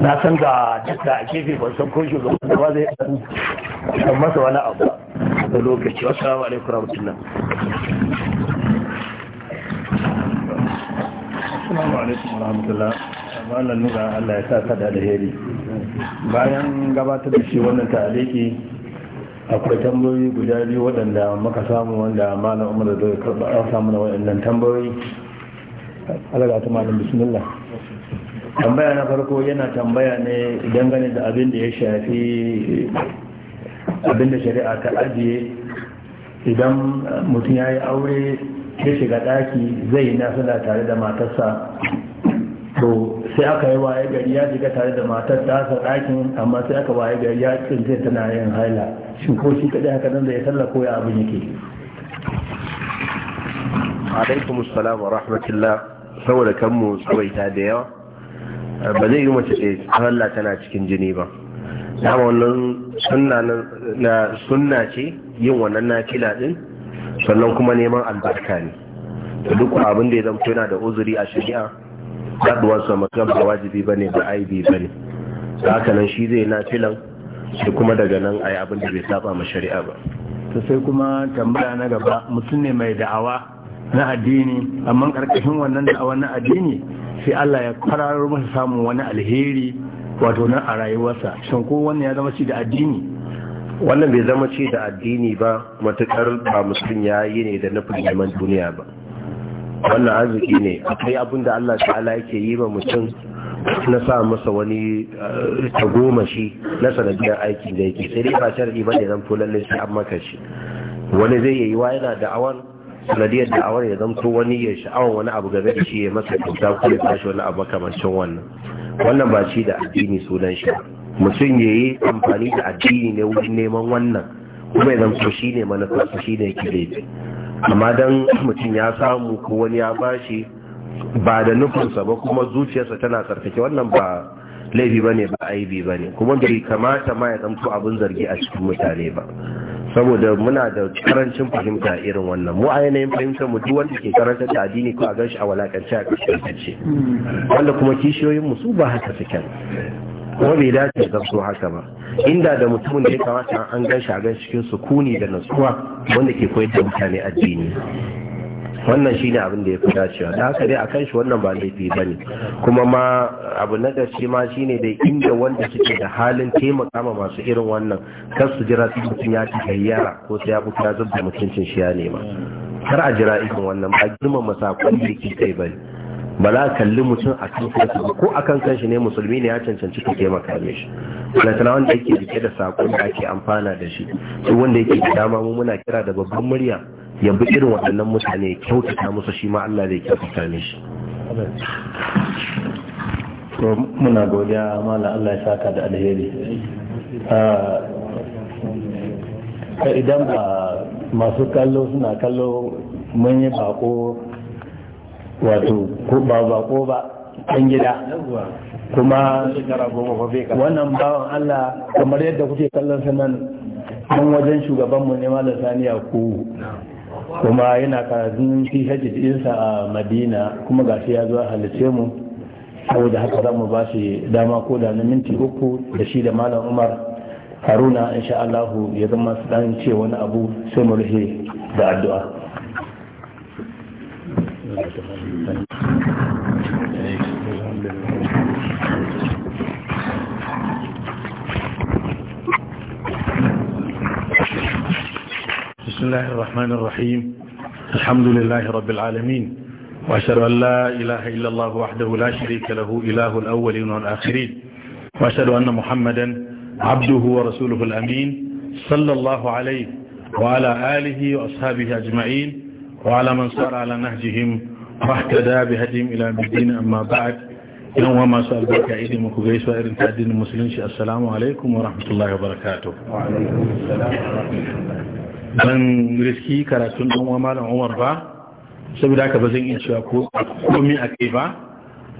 na san ga duka a gefe ban san ko shugaban da ba zai san masa wani abu da lokaci assalamu alaikum nan assalamu alaikum warahmatullah wannan nuna Allah ya sa ka da alheri bayan gabatar da shi wannan taliki akwai tambayoyi guda biyu waɗanda muka samu wanda malam umar da zai karɓa samu na waɗannan tambayoyi alaga ta malam bismillah tambaya na farko yana tambaya ne dangane da abin da ya shafi abin da shari'a ta ajiye idan mutum ya yi aure ya shiga daki zai na suna tare da matarsa to sai aka yi waye gari ya shiga tare da matar ta ɗakin amma sai aka waye gari ya tsinta tana yin haila shin ko shi kaɗai haka nan da ya talla ko abin yake alaikum assalam wa rahmatullah saboda kanmu tsawaita da yawa ba zai yi mace ce Allah tana cikin jini ba dama wannan sunna ce yin wannan nafila din sannan kuma neman albarka ne duk abin da ya zama tuna da uzuri a shari'a faduwarsa mutum ba wajibi ba ne da aibi ba ne da haka nan shi zai nafilan sai kuma daga nan a abin da bai saba ma shari'a ba to sai kuma tambaya na gaba mutum ne mai da'awa na addini amma karkashin wannan da wannan addini sai Allah ya kwararo masa samun wani alheri wato na a rayuwarsa shin ko wannan ya zama ci da addini wannan bai zama ci da addini ba matukar ba musulun ya yi ne da nufin neman duniya ba wannan arziki ne akwai abin da Allah ta'ala yake yi ba mutum na sa masa wani eh, shi na sanadiyar aikin da yake sai dai ba shari'i ba ne zan to shi an maka shi wani zai yi wa yana da awan sanadiyar da'awar ya zamto wani ya sha'awar wani abu game da shi ya masa kyauta ko ya tashi wani abu makamancin wannan wannan ba shi da addini sunan shi mutum ya yi amfani da addini ne wurin neman wannan kuma ya zamto shi ne manufarsa shi ne amma dan mutum ya samu ko wani ya bashi ba da nufinsa ba kuma zuciyarsa tana tsarkake wannan ba laifi ba ne ba aibi ba ne kuma bai kamata ma ya zamto abin zargi a cikin mutane ba saboda muna da karancin fahimta irin wannan mu a yanayin fahimtar mu duk wanda ke karanta da addini ko a gan a walakance a kace wanda kuma kishiyoyin mu su ba haka suke kuma bai dace da su haka ba inda da mutumin da ya kamata an gan shi a gan cikin sukuni da natsuwa wanda ke koyar da mutane addini wannan shine abin da ya fi dacewa da haka dai akan shi wannan ba laifi ba ne kuma ma abu na ƙarshe ma shine da inda wanda suke da halin taimaka ma masu irin wannan kar su jira su mutum ya ci gayyara ko sai ya fito ya da mutuncin shi ya nema kar a jira irin wannan ba girmama sakon da ke kai ba ne ba za kalli mutum a kan kansa ba ko a kan kanshi ne musulmi ne ya cancanci ka taimaka mishi balantana wanda yake rike da sakon da ake amfana da shi duk wanda yake da dama mu muna kira da babban murya yabi irin waɗannan mutane kyautata musu shi ma Allah zai kyautata shi. to muna godiya mala Allah ya saka da alheri ah, idan ba masu kallo suna kallo mun yi bako wato ba bako ba ɗan gida kuma wannan bawan Allah kamar yadda kuke kallon sanan mun wajen shugabanmu ne malam saniya ku kuma yana karatun hajji ɗinsa a madina kuma gashi ya zo halice mu saboda haka za mu ba shi dama ko da na minti uku da shi da malam umar haruna insha allahu ya zama su dan ce wani abu sai mu rufe da addu'a بسم الله الرحمن الرحيم الحمد لله رب العالمين وأشهد أن لا إله إلا الله وحده لا شريك له إله الأولين والآخرين وأشهد أن محمدا عبده ورسوله الأمين صلى الله عليه وعلى آله وأصحابه أجمعين وعلى من صار على نهجهم واهتدى بهديهم إلى الدين أما بعد يوم وما سأل بك عيد مكوغيس وإرن تأدين المسلمين السلام عليكم ورحمة الله وبركاته وعليكم السلام ورحمة الله ban riski karatun don wa malam umar ba saboda haka ba zan iya cewa ko komi a kai ba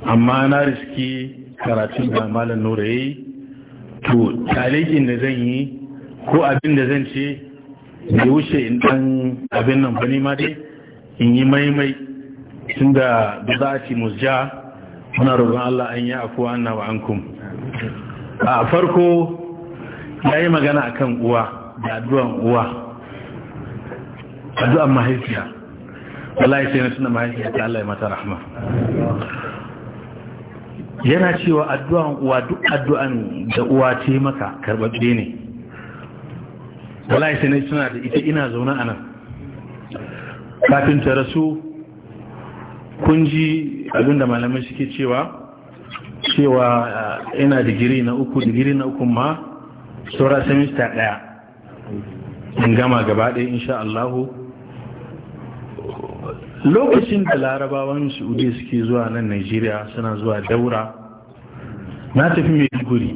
amma na riski karatun da malam nura yi to talikin da zan yi ko abin da zan ce da wuce in ɗan abin nan bani ma dai in yi maimai tun da za a ci musja muna roƙon Allah an yi afuwa an nawa an kum a farko ya yi magana akan uwa da addu'an uwa addu'an mahaifiya wallahi sai na tuna mahaifiya ta Allah ya mata rahma yana cewa addu'an uwa duk addu'an da uwa ce maka karbabbe ne wallahi sai na tuna da ita ina zaune a nan kafin ta rasu kun ji abinda malamai suke cewa cewa eh, ina digiri na uku digiri na uku ma saura semester daya in gama gaba ɗaya insha Allahu lokacin da larabawan saudi suke zuwa nan nigeria suna zuwa daura na tafi mai guri.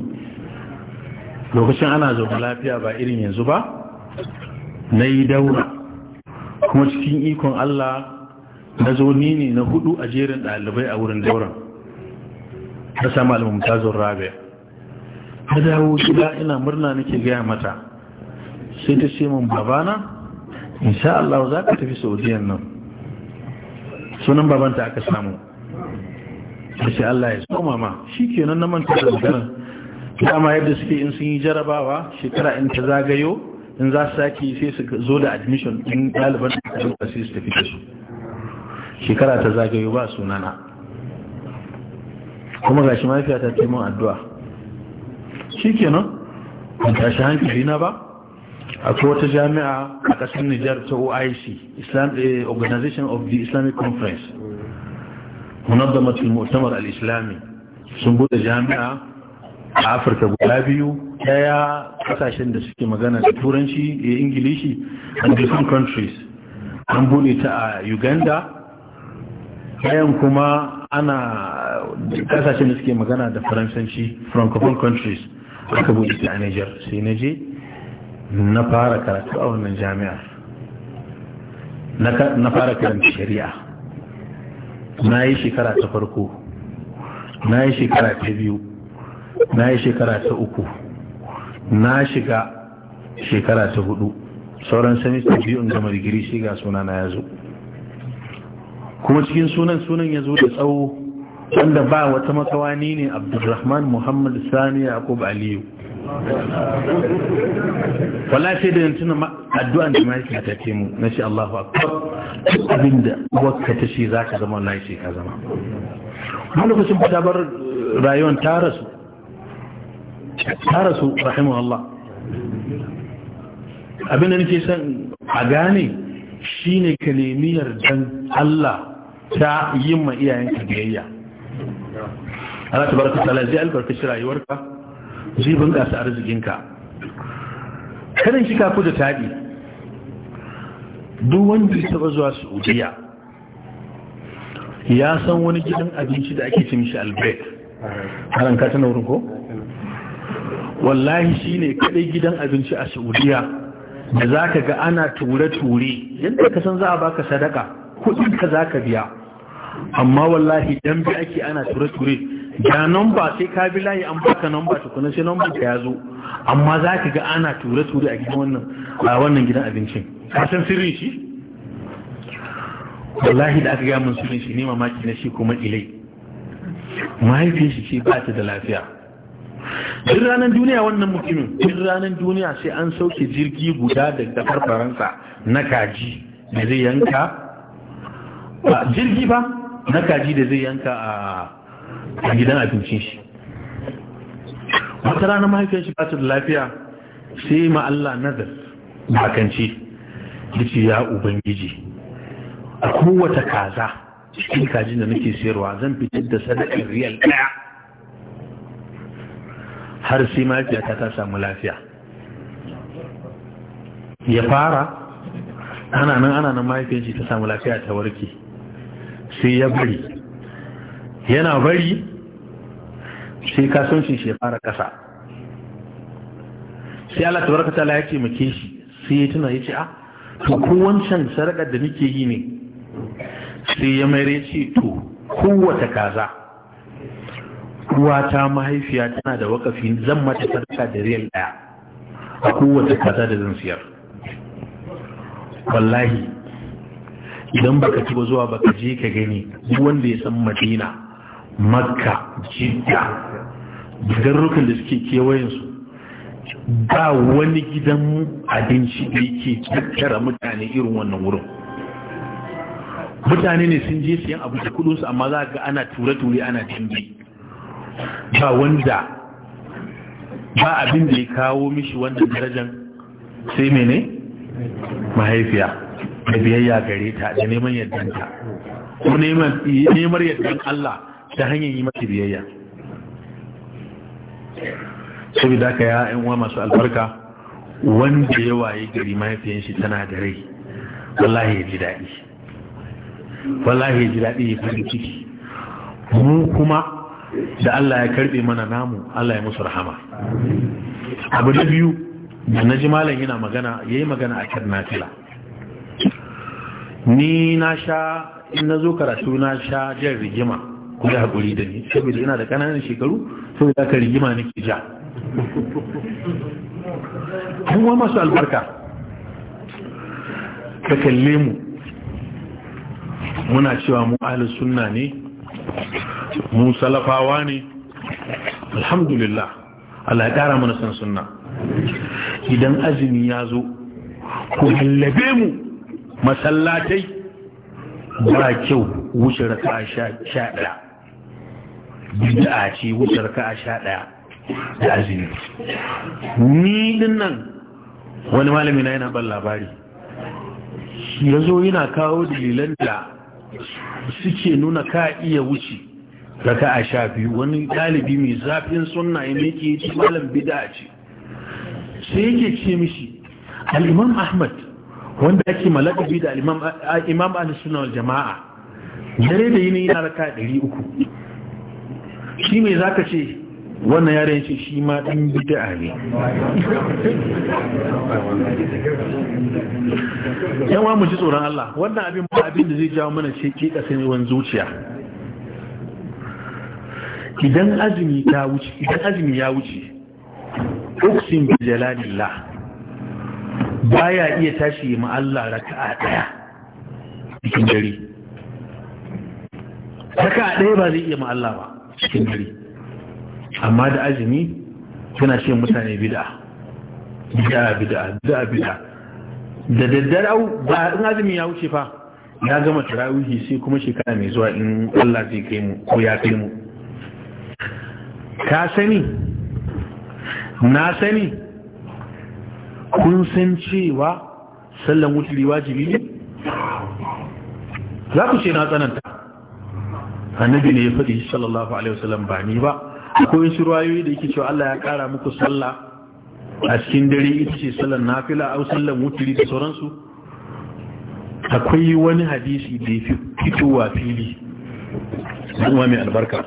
lokacin ana zaune lafiya ba irin yanzu ba na yi daura kuma cikin ikon allah na zo ne na hudu a jerin ɗalibai a wurin dauran na sami zuwa rabe na dawo gida ina murna nake gaya mata sai ta ce min babana insha Allah za ka tafi saudiyan nan sunan babanta aka samu sai Allah ya so oh, mama shikenan na manta da maganar dama yadda suke in sun yi jarabawa shekara in ta zagayo in za su sake sai su zo da admission in ɗaliban da ta ruka sai su tafi da su shekara ta zagayo ba sunana kuma gashi mafiya ta taimon addu'a shi kenan ban tashi hankali na ba akwai wata jami'a a ƙasar Nijar ta OIC eh, Organization of the Islamic Conference منظمة al الإسلامي sun bude jami'a a afirka guda biyu daya kasashen da suke magana da turanci da eh, ingilishi and different countries an bude ta a uganda dayan kuma ana kasashen da suke magana da faransanci francophone countries aka bude ta a niger sai na je na fara karatu a wannan jami'a na fara karanta shari'a na yi shekara ta farko na yi shekara ta biyu na yi shekara ta uku na shiga shekara ta hudu sauran semester biyu gama digiri shi ga suna na ya zo kuma cikin sunan sunan ya zo da tsawo wanda ba wata makawani ne abdulrahman Muhammadu sani yaqub aliyu wallahi sai da tuna addu'an da mai ta ce mu na shi Allahu akbar abinda wakka ta shi zaka zama wallahi shi ka zama mun lokacin fata bar rayuwar ta rasu ta rasu rahimahullah abinda nake son a gane shine kalimiyar dan Allah ta yi ma iyayenka biyayya Allah tabaraka ta'ala zai albarkaci rayuwarka zai bunƙasa arzikinka karin shi kafu da taɗi duk wanda ya taɓa zuwa saudiya ya san wani gidan abinci da ake cin shi albert haran ka ta wurin ko wallahi shi ne kaɗai gidan abinci a saudiya da za ka ga ana ture-ture yadda ka san za a baka sadaka ka za ka biya amma wallahi dan bi ake ana ture-ture da nomba sai ka bi layi an baka namba tukuna sai nomba ka ya zo amma za ka ga ana ture-ture a gidan wannan a wannan gidan abincin ka san sirrin shi wallahi da aka gaya mun sirri shi ne mamaki na shi kuma ilai mahaifiyar shi ce ba ta da lafiya duk ranar duniya wannan mutumin duk ranar duniya sai an sauke jirgi guda da dafar faransa na kaji da zai yanka jirgi ba na kaji da zai yanka a a gidan abincin shi wata rana mahaifiyar shi bata da lafiya sai ma Allah nazar da dace ya ubangiji a kowace kaza cikin kajin da nake sayarwa zan fitar da sadakar riyal daya har sai mahaifiyata ta samu lafiya ya fara ana nan ana nan mahaifiyar ta samu lafiya ta warke sai ya bari yana bari sai kasuwancin shi ya fara kasa sai Allah tabaraka ta'ala ya muke shi sai ya tuna ya a ah, to ko wancan sarƙar da nake yi ne sai ya mayar ya to kowace kaza ta mahaifiya tana da wakafi zan mata sarka da riyal daya a kowace kaza da zan siyar wallahi idan baka ci ba zuwa baka je ka gani duk wanda ya san madina makka jidda da garurukan da suke kewayensu ba wani gidan abinci da yake tattara mutane irin wannan wurin mutane ne sun je siyan abu da kudinsu amma za ga ana ture-ture ana dambe ba wanda ba abin da ya kawo mishi wannan darajan sai mene mahaifiya da biyayya gare ta da neman yaddanta ko neman yaddan Allah ta hanyar yi masa biyayya saboda haka ya yan uwa masu albarka wanda ya waye gari mahaifiyan shi tana da rai wallahi ya ji daɗi wallahi ya ji daɗi ya farin ciki mu kuma da Allah ya karɓe mana namu Allah ya musu rahama abu da biyu da na ji malam yana magana ya yi magana a kan nafila ni na sha in na zo karatu na sha jan rigima ku yi haƙuri da ni saboda ina da ƙananan shekaru saboda ka rigima nake ja kuma masu albarka ka kalle mu muna cewa mu ahli sunna ne mu salafawa ne alhamdulillah Allah ya ƙara mana san sunna idan azumi ya zo ku hallabe mu masallatai ba kyau wuce raka sha ɗaya bid'a ce wutar ka a sha ɗaya da azumi ni din nan wani malami na yana ban labari ya zo yana kawo dalilan da suke nuna ka iya wuce raka a sha biyu wani ɗalibi mai zafin sunna ya meke ci malam bid'a ce sai yake ce mishi al ahmad wanda ake malakabi da imam al-sunna wal jama'a dare da yini yana raka 300 shi mai za ka ce wannan yare ce shi ma ɗan bida ne wa mu ji tsoron Allah wannan abin ba abin da zai jawo mana ce ke ƙasar zuciya idan azumi ta wuce idan azumi ya wuce uksin bi ba ya iya tashi ma Allah a ɗaya cikin dare a ɗaya ba zai iya ma Allah ba cikin dare amma da azumi suna ce mutane bid'a bid'a bid'a bid'a bid'a da daddare ba in azumi ya wuce fa ya gama tarawihi sai kuma shekara mai zuwa in Allah zai kai mu ko ya kai mu ka sani na sani kun san cewa sallan wuturi wajibi ne za ku ce na tsananta annabi ne ya faɗi sallallahu alaihi wasallam ba ni ba akwai wasu ruwayoyi da yake cewa Allah ya ƙara muku sallah a cikin dare ita ce sallar nafila au sallar wuturi da sauransu akwai wani hadisi da ya fitowa fili zuwa mai albarka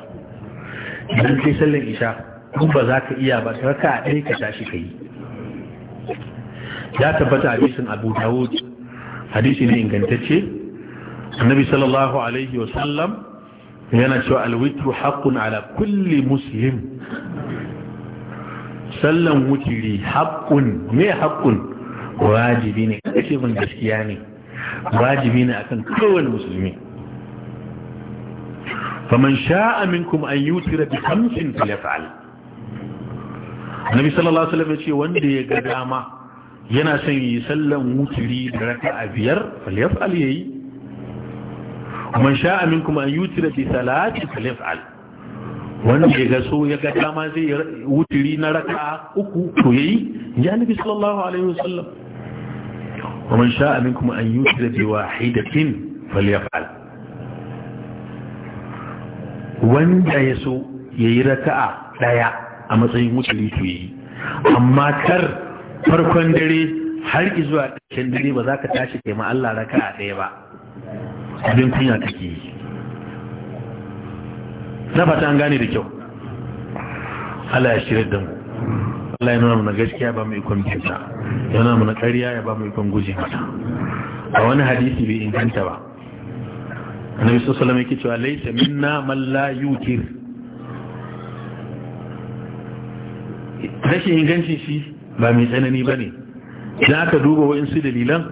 idan kai sallar isha kun ba za ka iya ba ta ka ɗaya ka tashi ka yi ya tabbata hadisin abu dawud hadisi ne ingantacce annabi sallallahu alaihi wasallam yana cewa alwitru haƙun ala kulli muslim sallan wutiri haƙun mai haqqun wajibi ne kada mun gaskiya ne wajibi ne akan kowane musulmi faman sha'a minkum an yutira bi khamsin falyaf'al annabi sallallahu alaihi ya ce wanda ya ga dama yana son yi sallan wutiri da a biyar ya yayi man sha'a an bi salati wanda ya ga so ya ga dama zai wutiri na raka uku to yayi ya annabi sallallahu alaihi wasallam wa man an bi wahidatin wanda ya so yayi raka'a daya a matsayin wutiri to yayi amma kar farkon dare har zuwa ƙarshen dare ba za ka tashi kai ma Allah raka'a ɗaya ba abin kunya take yi na fata an gane da kyau Allah ya shirya da mu Allah ya nuna mana gaskiya ba mu ikon bisa ya nuna mana ƙarya ya ba mu ikon guje mata a wani hadisi bai inganta ba Na sallallahu alaihi wasallam yake cewa laysa minna malla yukir rashin ingancin shi ba mai tsanani ba ne idan aka duba wa'insu dalilan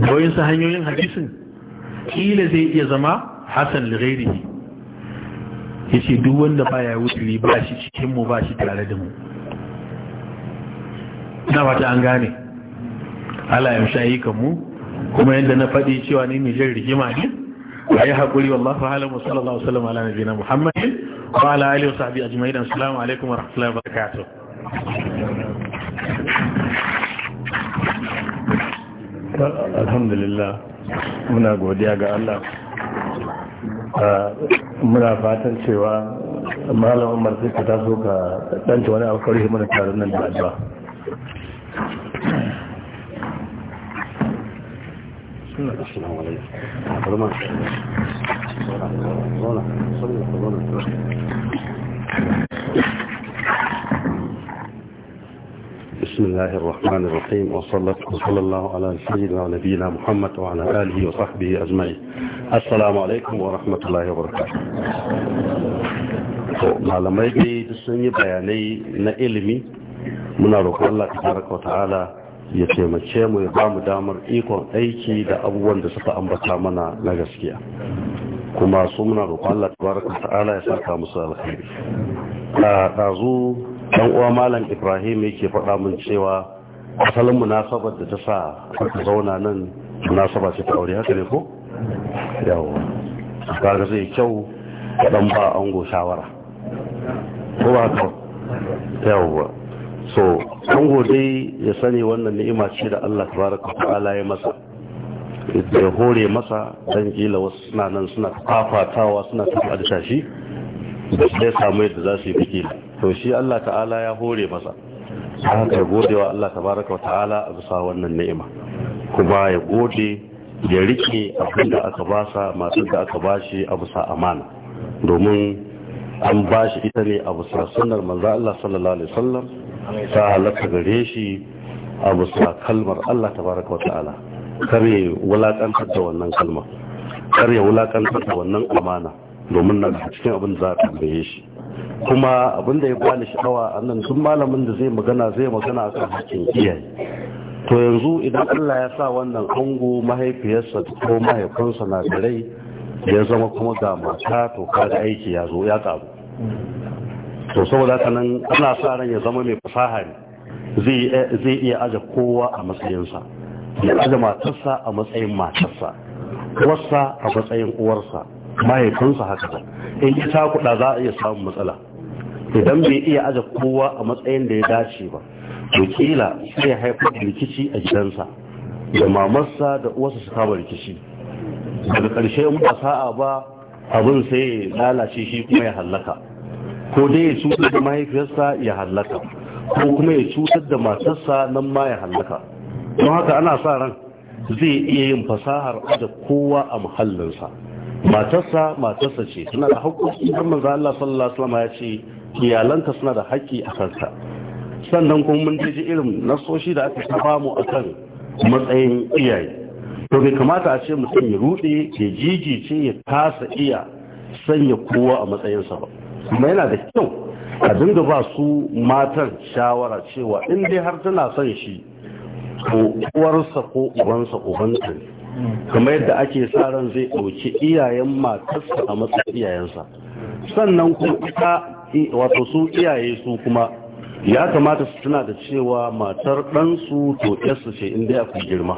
da wayansu hanyoyin hadisin kila zai iya zama hasan ya yace duk wanda baya wuturi ba shi cikin mu ba shi tare da mu na wata an gane Allah ya shayi mu kuma yadda na faɗi cewa ni mai jin rigima ne ayi hakuri wallahi halam wa sallallahu alaihi wa ala ala nabiyina muhammadin wa ala alihi wa sahbihi ajma'in assalamu alaikum wa rahmatullahi wa barakatuh alhamdulillah muna godiya ga Allah ah, muna fatan cewa malam umar ta ka taso ka danta wani abu mun mana nan da addu'a Thank you. بسم الله الرحمن الرحيم وصلى الله على سيدنا ونبينا yi bayanai na ilimi muna roƙon Allah tabaraka wa ta'ala ya taimake mu ya bamu damar ikon aiki da abubuwan da suka ambata mana na gaskiya kuma su muna roƙon Allah tabaraka wa ta'ala ya saka musu alkhairi Ɗan uwa malam ibrahim yake faɗa mun cewa asalin munasabar da ta sa aka zauna nan munasaba ce ta aure haka ne ko yawo kaga zai kyau ɗan ba ango shawara ko ba ka yawo so ango dai ya sani wannan ni'ima ce da Allah tabaraka ala ya masa da ya hore masa dan kila wasu suna nan suna kafatawa suna tafi a da shi da sai samu yadda za su yi fikila to shi Allah ta'ala ya hore masa haka ya gode wa Allah tabaraka wa ta'ala a bisa wannan ni'ima kuma ya gode ya rike abin da aka basa masu da aka bashi a bisa amana domin an bashi ita ne a bisa sunnar manzo Allah sallallahu alaihi wasallam ta halatta gare shi a bisa kalmar Allah tabaraka wa ta'ala kare wulakantar da wannan kalma kare wulakantar da wannan amana domin na cikin abin za ka gare shi kuma abin da ya bani sha'awa a nan sun malamin da zai magana zai magana a kan hakkin iyaye to yanzu idan allah ya sa wannan ango mahaifiyarsa ko mahaifinsa na da ya zama kuma ga mata to kaga aiki ya zo ya karu to saboda haka nan ana sa ran ya zama mai fasaha ne zai iya aje kowa a matsayinsa ya aje matarsa a matsayin matarsa uwarsa a matsayin uwarsa mahaifinsu haka ba in ya kuɗa za a iya samun matsala idan bai iya aje kowa a matsayin da ya dace ba to kila sai ya haifar da rikici a gidansa da mamarsa da uwarsa su kama rikici daga ƙarshe in ba sa'a ba abin sai ya lalace shi kuma ya hallaka ko dai ya cutar da mahaifiyarsa ya hallaka ko kuma ya cutar da matarsa nan ma ya hallaka don haka ana sa ran zai iya yin fasahar da kowa a muhallinsa matarsa matarsa ce suna da haƙƙoƙi don manzo Allah sallallahu alaihi wasallam ya ce iyalanka suna da haƙƙi a kanta sannan kuma mun ji irin nasoshi da aka saba mu akan matsayin iyaye to bai kamata a ce mutum ya rude ya jijice ya kasa iya sanya kowa a matsayinsa ba kuma yana da kyau a dinga ba su matan shawara cewa in dai har tana son shi ko uwarsa ko ubansa ubanta ne kamar yadda ake sa ran zai ɗauki iyayen matarsa a matsayin iyayensa sannan kuma ita wato su iyaye su kuma ya kamata su tuna da cewa matar ɗansu to ce inda ya girma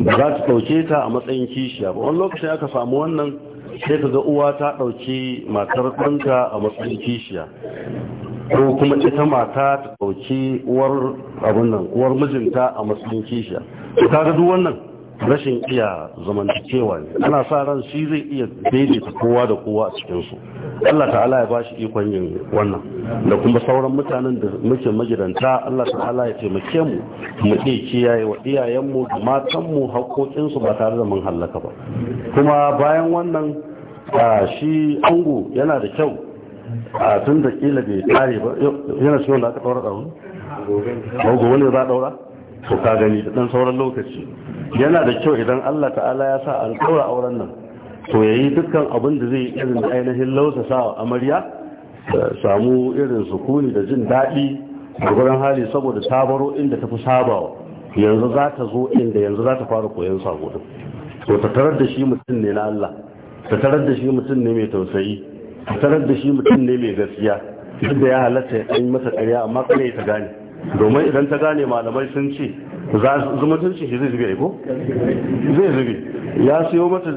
ba za ta ɗauke ta a matsayin kishiya ba wani lokacin aka samu wannan sai ka ga uwa ta ɗauki matar ɗanka a matsayin kishiya ko kuma ita mata ta ɗauki uwar abin nan uwar mijinta a matsayin kishiya ka ga duk wannan rashin iya zamantakewa ne ana sa ran shi zai iya daidaita kowa da kowa a cikinsu Allah ta'ala ya bashi ikon yin wannan da kuma sauran mutanen da muke magidanta Allah ta'ala ya taimake mu mu iya kiyaye wa iyayenmu da matanmu haƙoƙinsu ba tare da mun hallaka ba kuma bayan wannan shi ango yana da kyau a tun da kila bai tare ba yana cikin da aka ɗaura ɗaura? ne za a ɗaura? su ka gani da ɗan sauran lokaci yana da kyau idan allah ta'ala ya sa an auren nan to ya yi dukkan abin da zai irin da ainihin lausa sa amarya samu irin sukuni da jin daɗi da gudun hali saboda sabaro inda ta fi sabawa yanzu za ta zo inda yanzu za ta fara koyon sako to ta tarar da shi mutum ne na allah ta tarar da shi mutum ne mai tausayi ta tarar da shi mutum ne mai gaskiya duk da ya halatta ya ɗan masa ƙarya amma kare ta gane domin idan ta gane malamai sun ce zumuntunci shi zai zube ko? zai zube ya siyo mata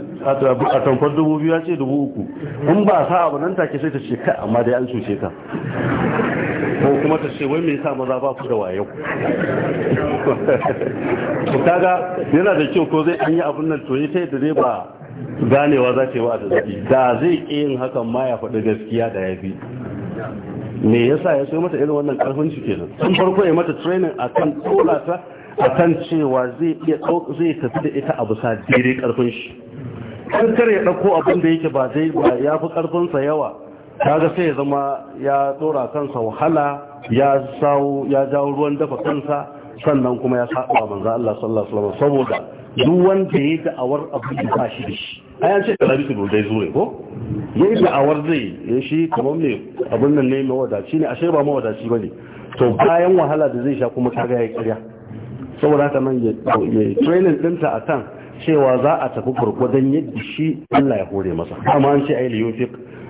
a tamfar dubu biyu ya ce dubu uku in ba sa abu nan take sai ta ce ka amma dai an cuce ka ko kuma ta ce wai me sa maza ba ku da wayo to kaga yana da kyau ko zai an yi abin nan to yi ta yadda dai ba ganewa za ta yi wa da zabi. da zai ƙi yin hakan ma ya faɗi gaskiya da ya fi me yasa ya so mata irin wannan karfin shi kenan sun farko ya mata training akan tola ta akan cewa zai iya zai tafi da ita a bisa dire karfin shi kar ya ɗauko abin da yake ba dai ba ya fi karfin sa yawa kaga sai ya zama ya tsora kansa wahala ya sawo ya jawo ruwan dafa kansa sannan kuma ya saba manzo Allah sallallahu alaihi wasallam saboda duk wanda ya da'awar abu da ba shi da shi a yan ce kalabi su dai zuwa ko ya yi da'awar zai ya shi kamar mai abin nan ne mawadaci ne ashe ba mawadaci ba ne to bayan wahala da zai sha kuma ta ya kirya karya saboda haka nan ya yi training dinta a kan cewa za a tafi don yadda shi Allah ya hore masa amma an ce ai liyufiq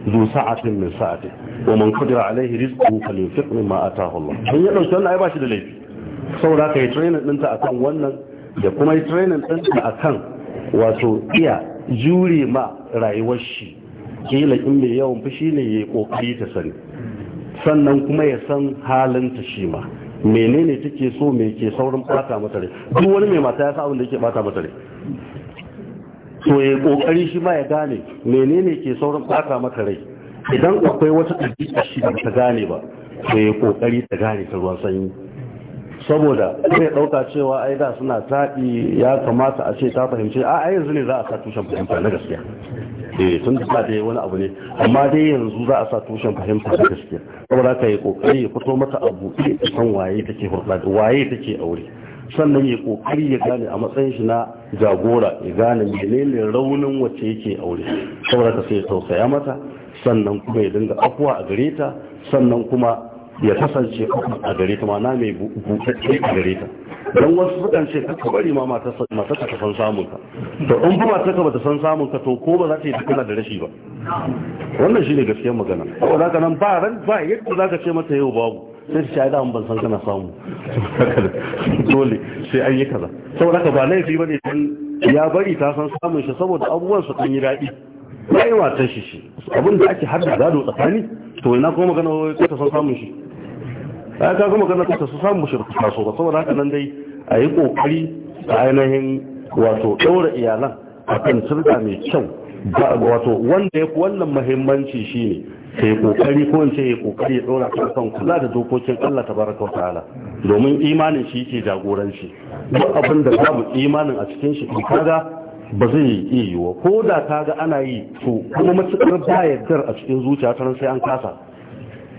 zu sa'atin min sa'atin wa man qadira alaihi rizquhu falyunfiq mimma ataahu Allah in ya dauki wannan ai ba shi da laifi saboda haka ya training dinta a kan wannan da kuma yi training ɗansu a kan wato iya jure ma rayuwar shi kila in mai yawan fushi ne ya yi ƙoƙari ta sani sannan kuma ya san halin ta shi ma menene take so me ke saurin bata mata rai duk wani mai mata ya sa abin da yake bata mata rai to ya ƙoƙari shi ma ya gane menene ke saurin bata mata rai idan akwai wata ɗabi'a shi ba ta gane ba to ya ƙoƙari ta gane ta ruwan sanyi saboda sai dauka cewa ai da suna taɗi ya kamata a ce ta fahimci a ai yanzu ne za a sa tushen fahimta na gaskiya eh tun da ba dai wani abu ne amma dai yanzu za a sa tushen fahimta na gaskiya saboda ka yi kokari ya fito mata abu buɗe san waye take hurɗa waye take aure sannan ya kokari ya gane a matsayin shi na jagora ya gane menene raunin wacce yake aure saboda ka sai ya tausaya mata sannan kuma ya dinga afuwa a gare ta sannan kuma ya kasance a gare ta mana mai buɗaɗɗe a gare ta don wasu sukan ce ka bari ma mata ta san samun ka to in kuma ta ka bata san samun ka to ko ba za ta yi kula da rashi ba wannan shine gaskiyar magana ko za ka nan ba ran ba yadda za ka ce mata yau babu sai ta shaida ban san kana samu dole sai an yi kaza saboda ka ba laifi bane dan ya bari ta san samun shi saboda abubuwan su kan yi daɗi bayan watan shi shi abinda da ake hada gado tsakani to ina kuma magana ko ta san samun shi ta ka zama ganin ta su samu shirku so ba saboda haka nan dai a yi kokari a ainihin wato ɗaura iyalan a kan sirka mai kyau wato wanda ya fi wannan mahimmanci ta yi kokari ko in ce ya kokari ya ɗora kan kula da dokokin Allah baraka wa ta'ala domin imanin shi ke jagoranci duk abin da babu imanin a cikin shi in kaga ba zai iya yiwuwa ko da kaga ana yi to kuma matuƙar ba yardar a cikin zuciya ta sai an kasa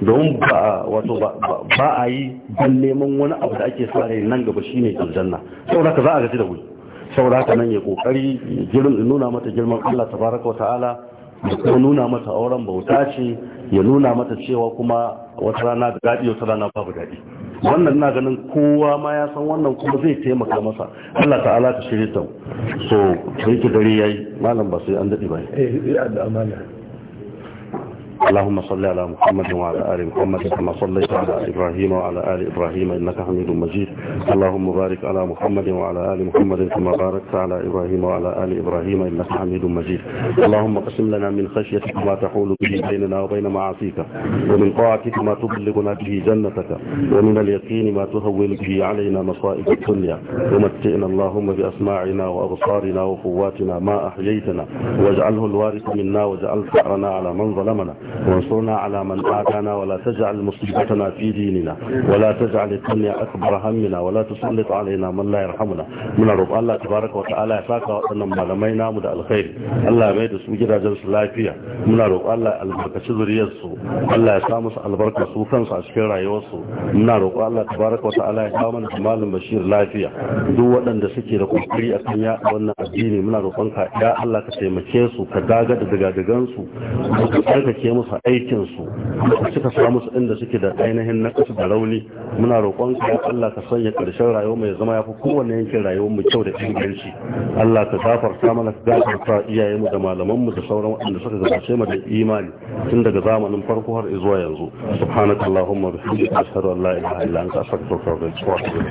don ba wato ba a yi don neman wani abu da ake sa yin nan gaba shine aljanna saboda za a gaji da wuri saboda nan ya kokari girin nuna mata girman Allah tabaraka wa ta'ala ya kuma nuna mata auren bauta ce ya nuna mata cewa kuma wata rana da daɗi wata rana babu daɗi wannan na ganin kowa ma ya san wannan kuma zai taimaka masa Allah ta'ala ta shirye ta so sai ki dare yayi malam ba sai an daɗi ba eh, eh amana اللهم صل على محمد وعلى آل محمد كما صليت على إبراهيم وعلى آل إبراهيم إنك حميد مجيد اللهم بارك على محمد وعلى آل محمد كما باركت على إبراهيم وعلى آل إبراهيم إنك حميد مجيد اللهم قسم لنا من خشيتك ما تحول به بيننا وبين معاصيك ومن طاعتك ما تبلغنا به جنتك ومن اليقين ما تهول به علينا مصائب الدنيا ومتئنا اللهم بأسماعنا وأبصارنا وقواتنا ما أحييتنا واجعله الوارث منا واجعل فأرنا على من ظلمنا وانصرنا على من آتانا ولا تجعل مصيبتنا في ديننا ولا تجعل الدنيا أكبر همنا ولا تسلط علينا من لا يرحمنا من رب الله تبارك وتعالى يفاك وأن مالمينا مدى الخير الله يميد سوجد جنس لا فيها من رب الله البركة ذريته الله يسامس البركة سوكان سأشكر رأيوسه من رب الله تبارك وتعالى يقامنا كمال بشير لا فيها دو وأن دسكي لكم كري أكنيا وأن الديني من رب الله يا الله كتيمكيسو كداغة دقاء دقاء دقاء musu aikinsu da suka sa musu inda suke da ainihin na da rauni muna roƙon ka Allah ka sanya ƙarshen rayuwar mai zama ya fi kowanne yankin rayuwar mu kyau da inganci Allah ka gafarta mana ka gafarta iyayen mu da malaman mu da sauran waɗanda suka gabace mu da imani tun daga zamanin farko har zuwa yanzu subhanakallahumma wa bihamdika ashhadu an la ilaha illa anta astaghfiruka wa atubu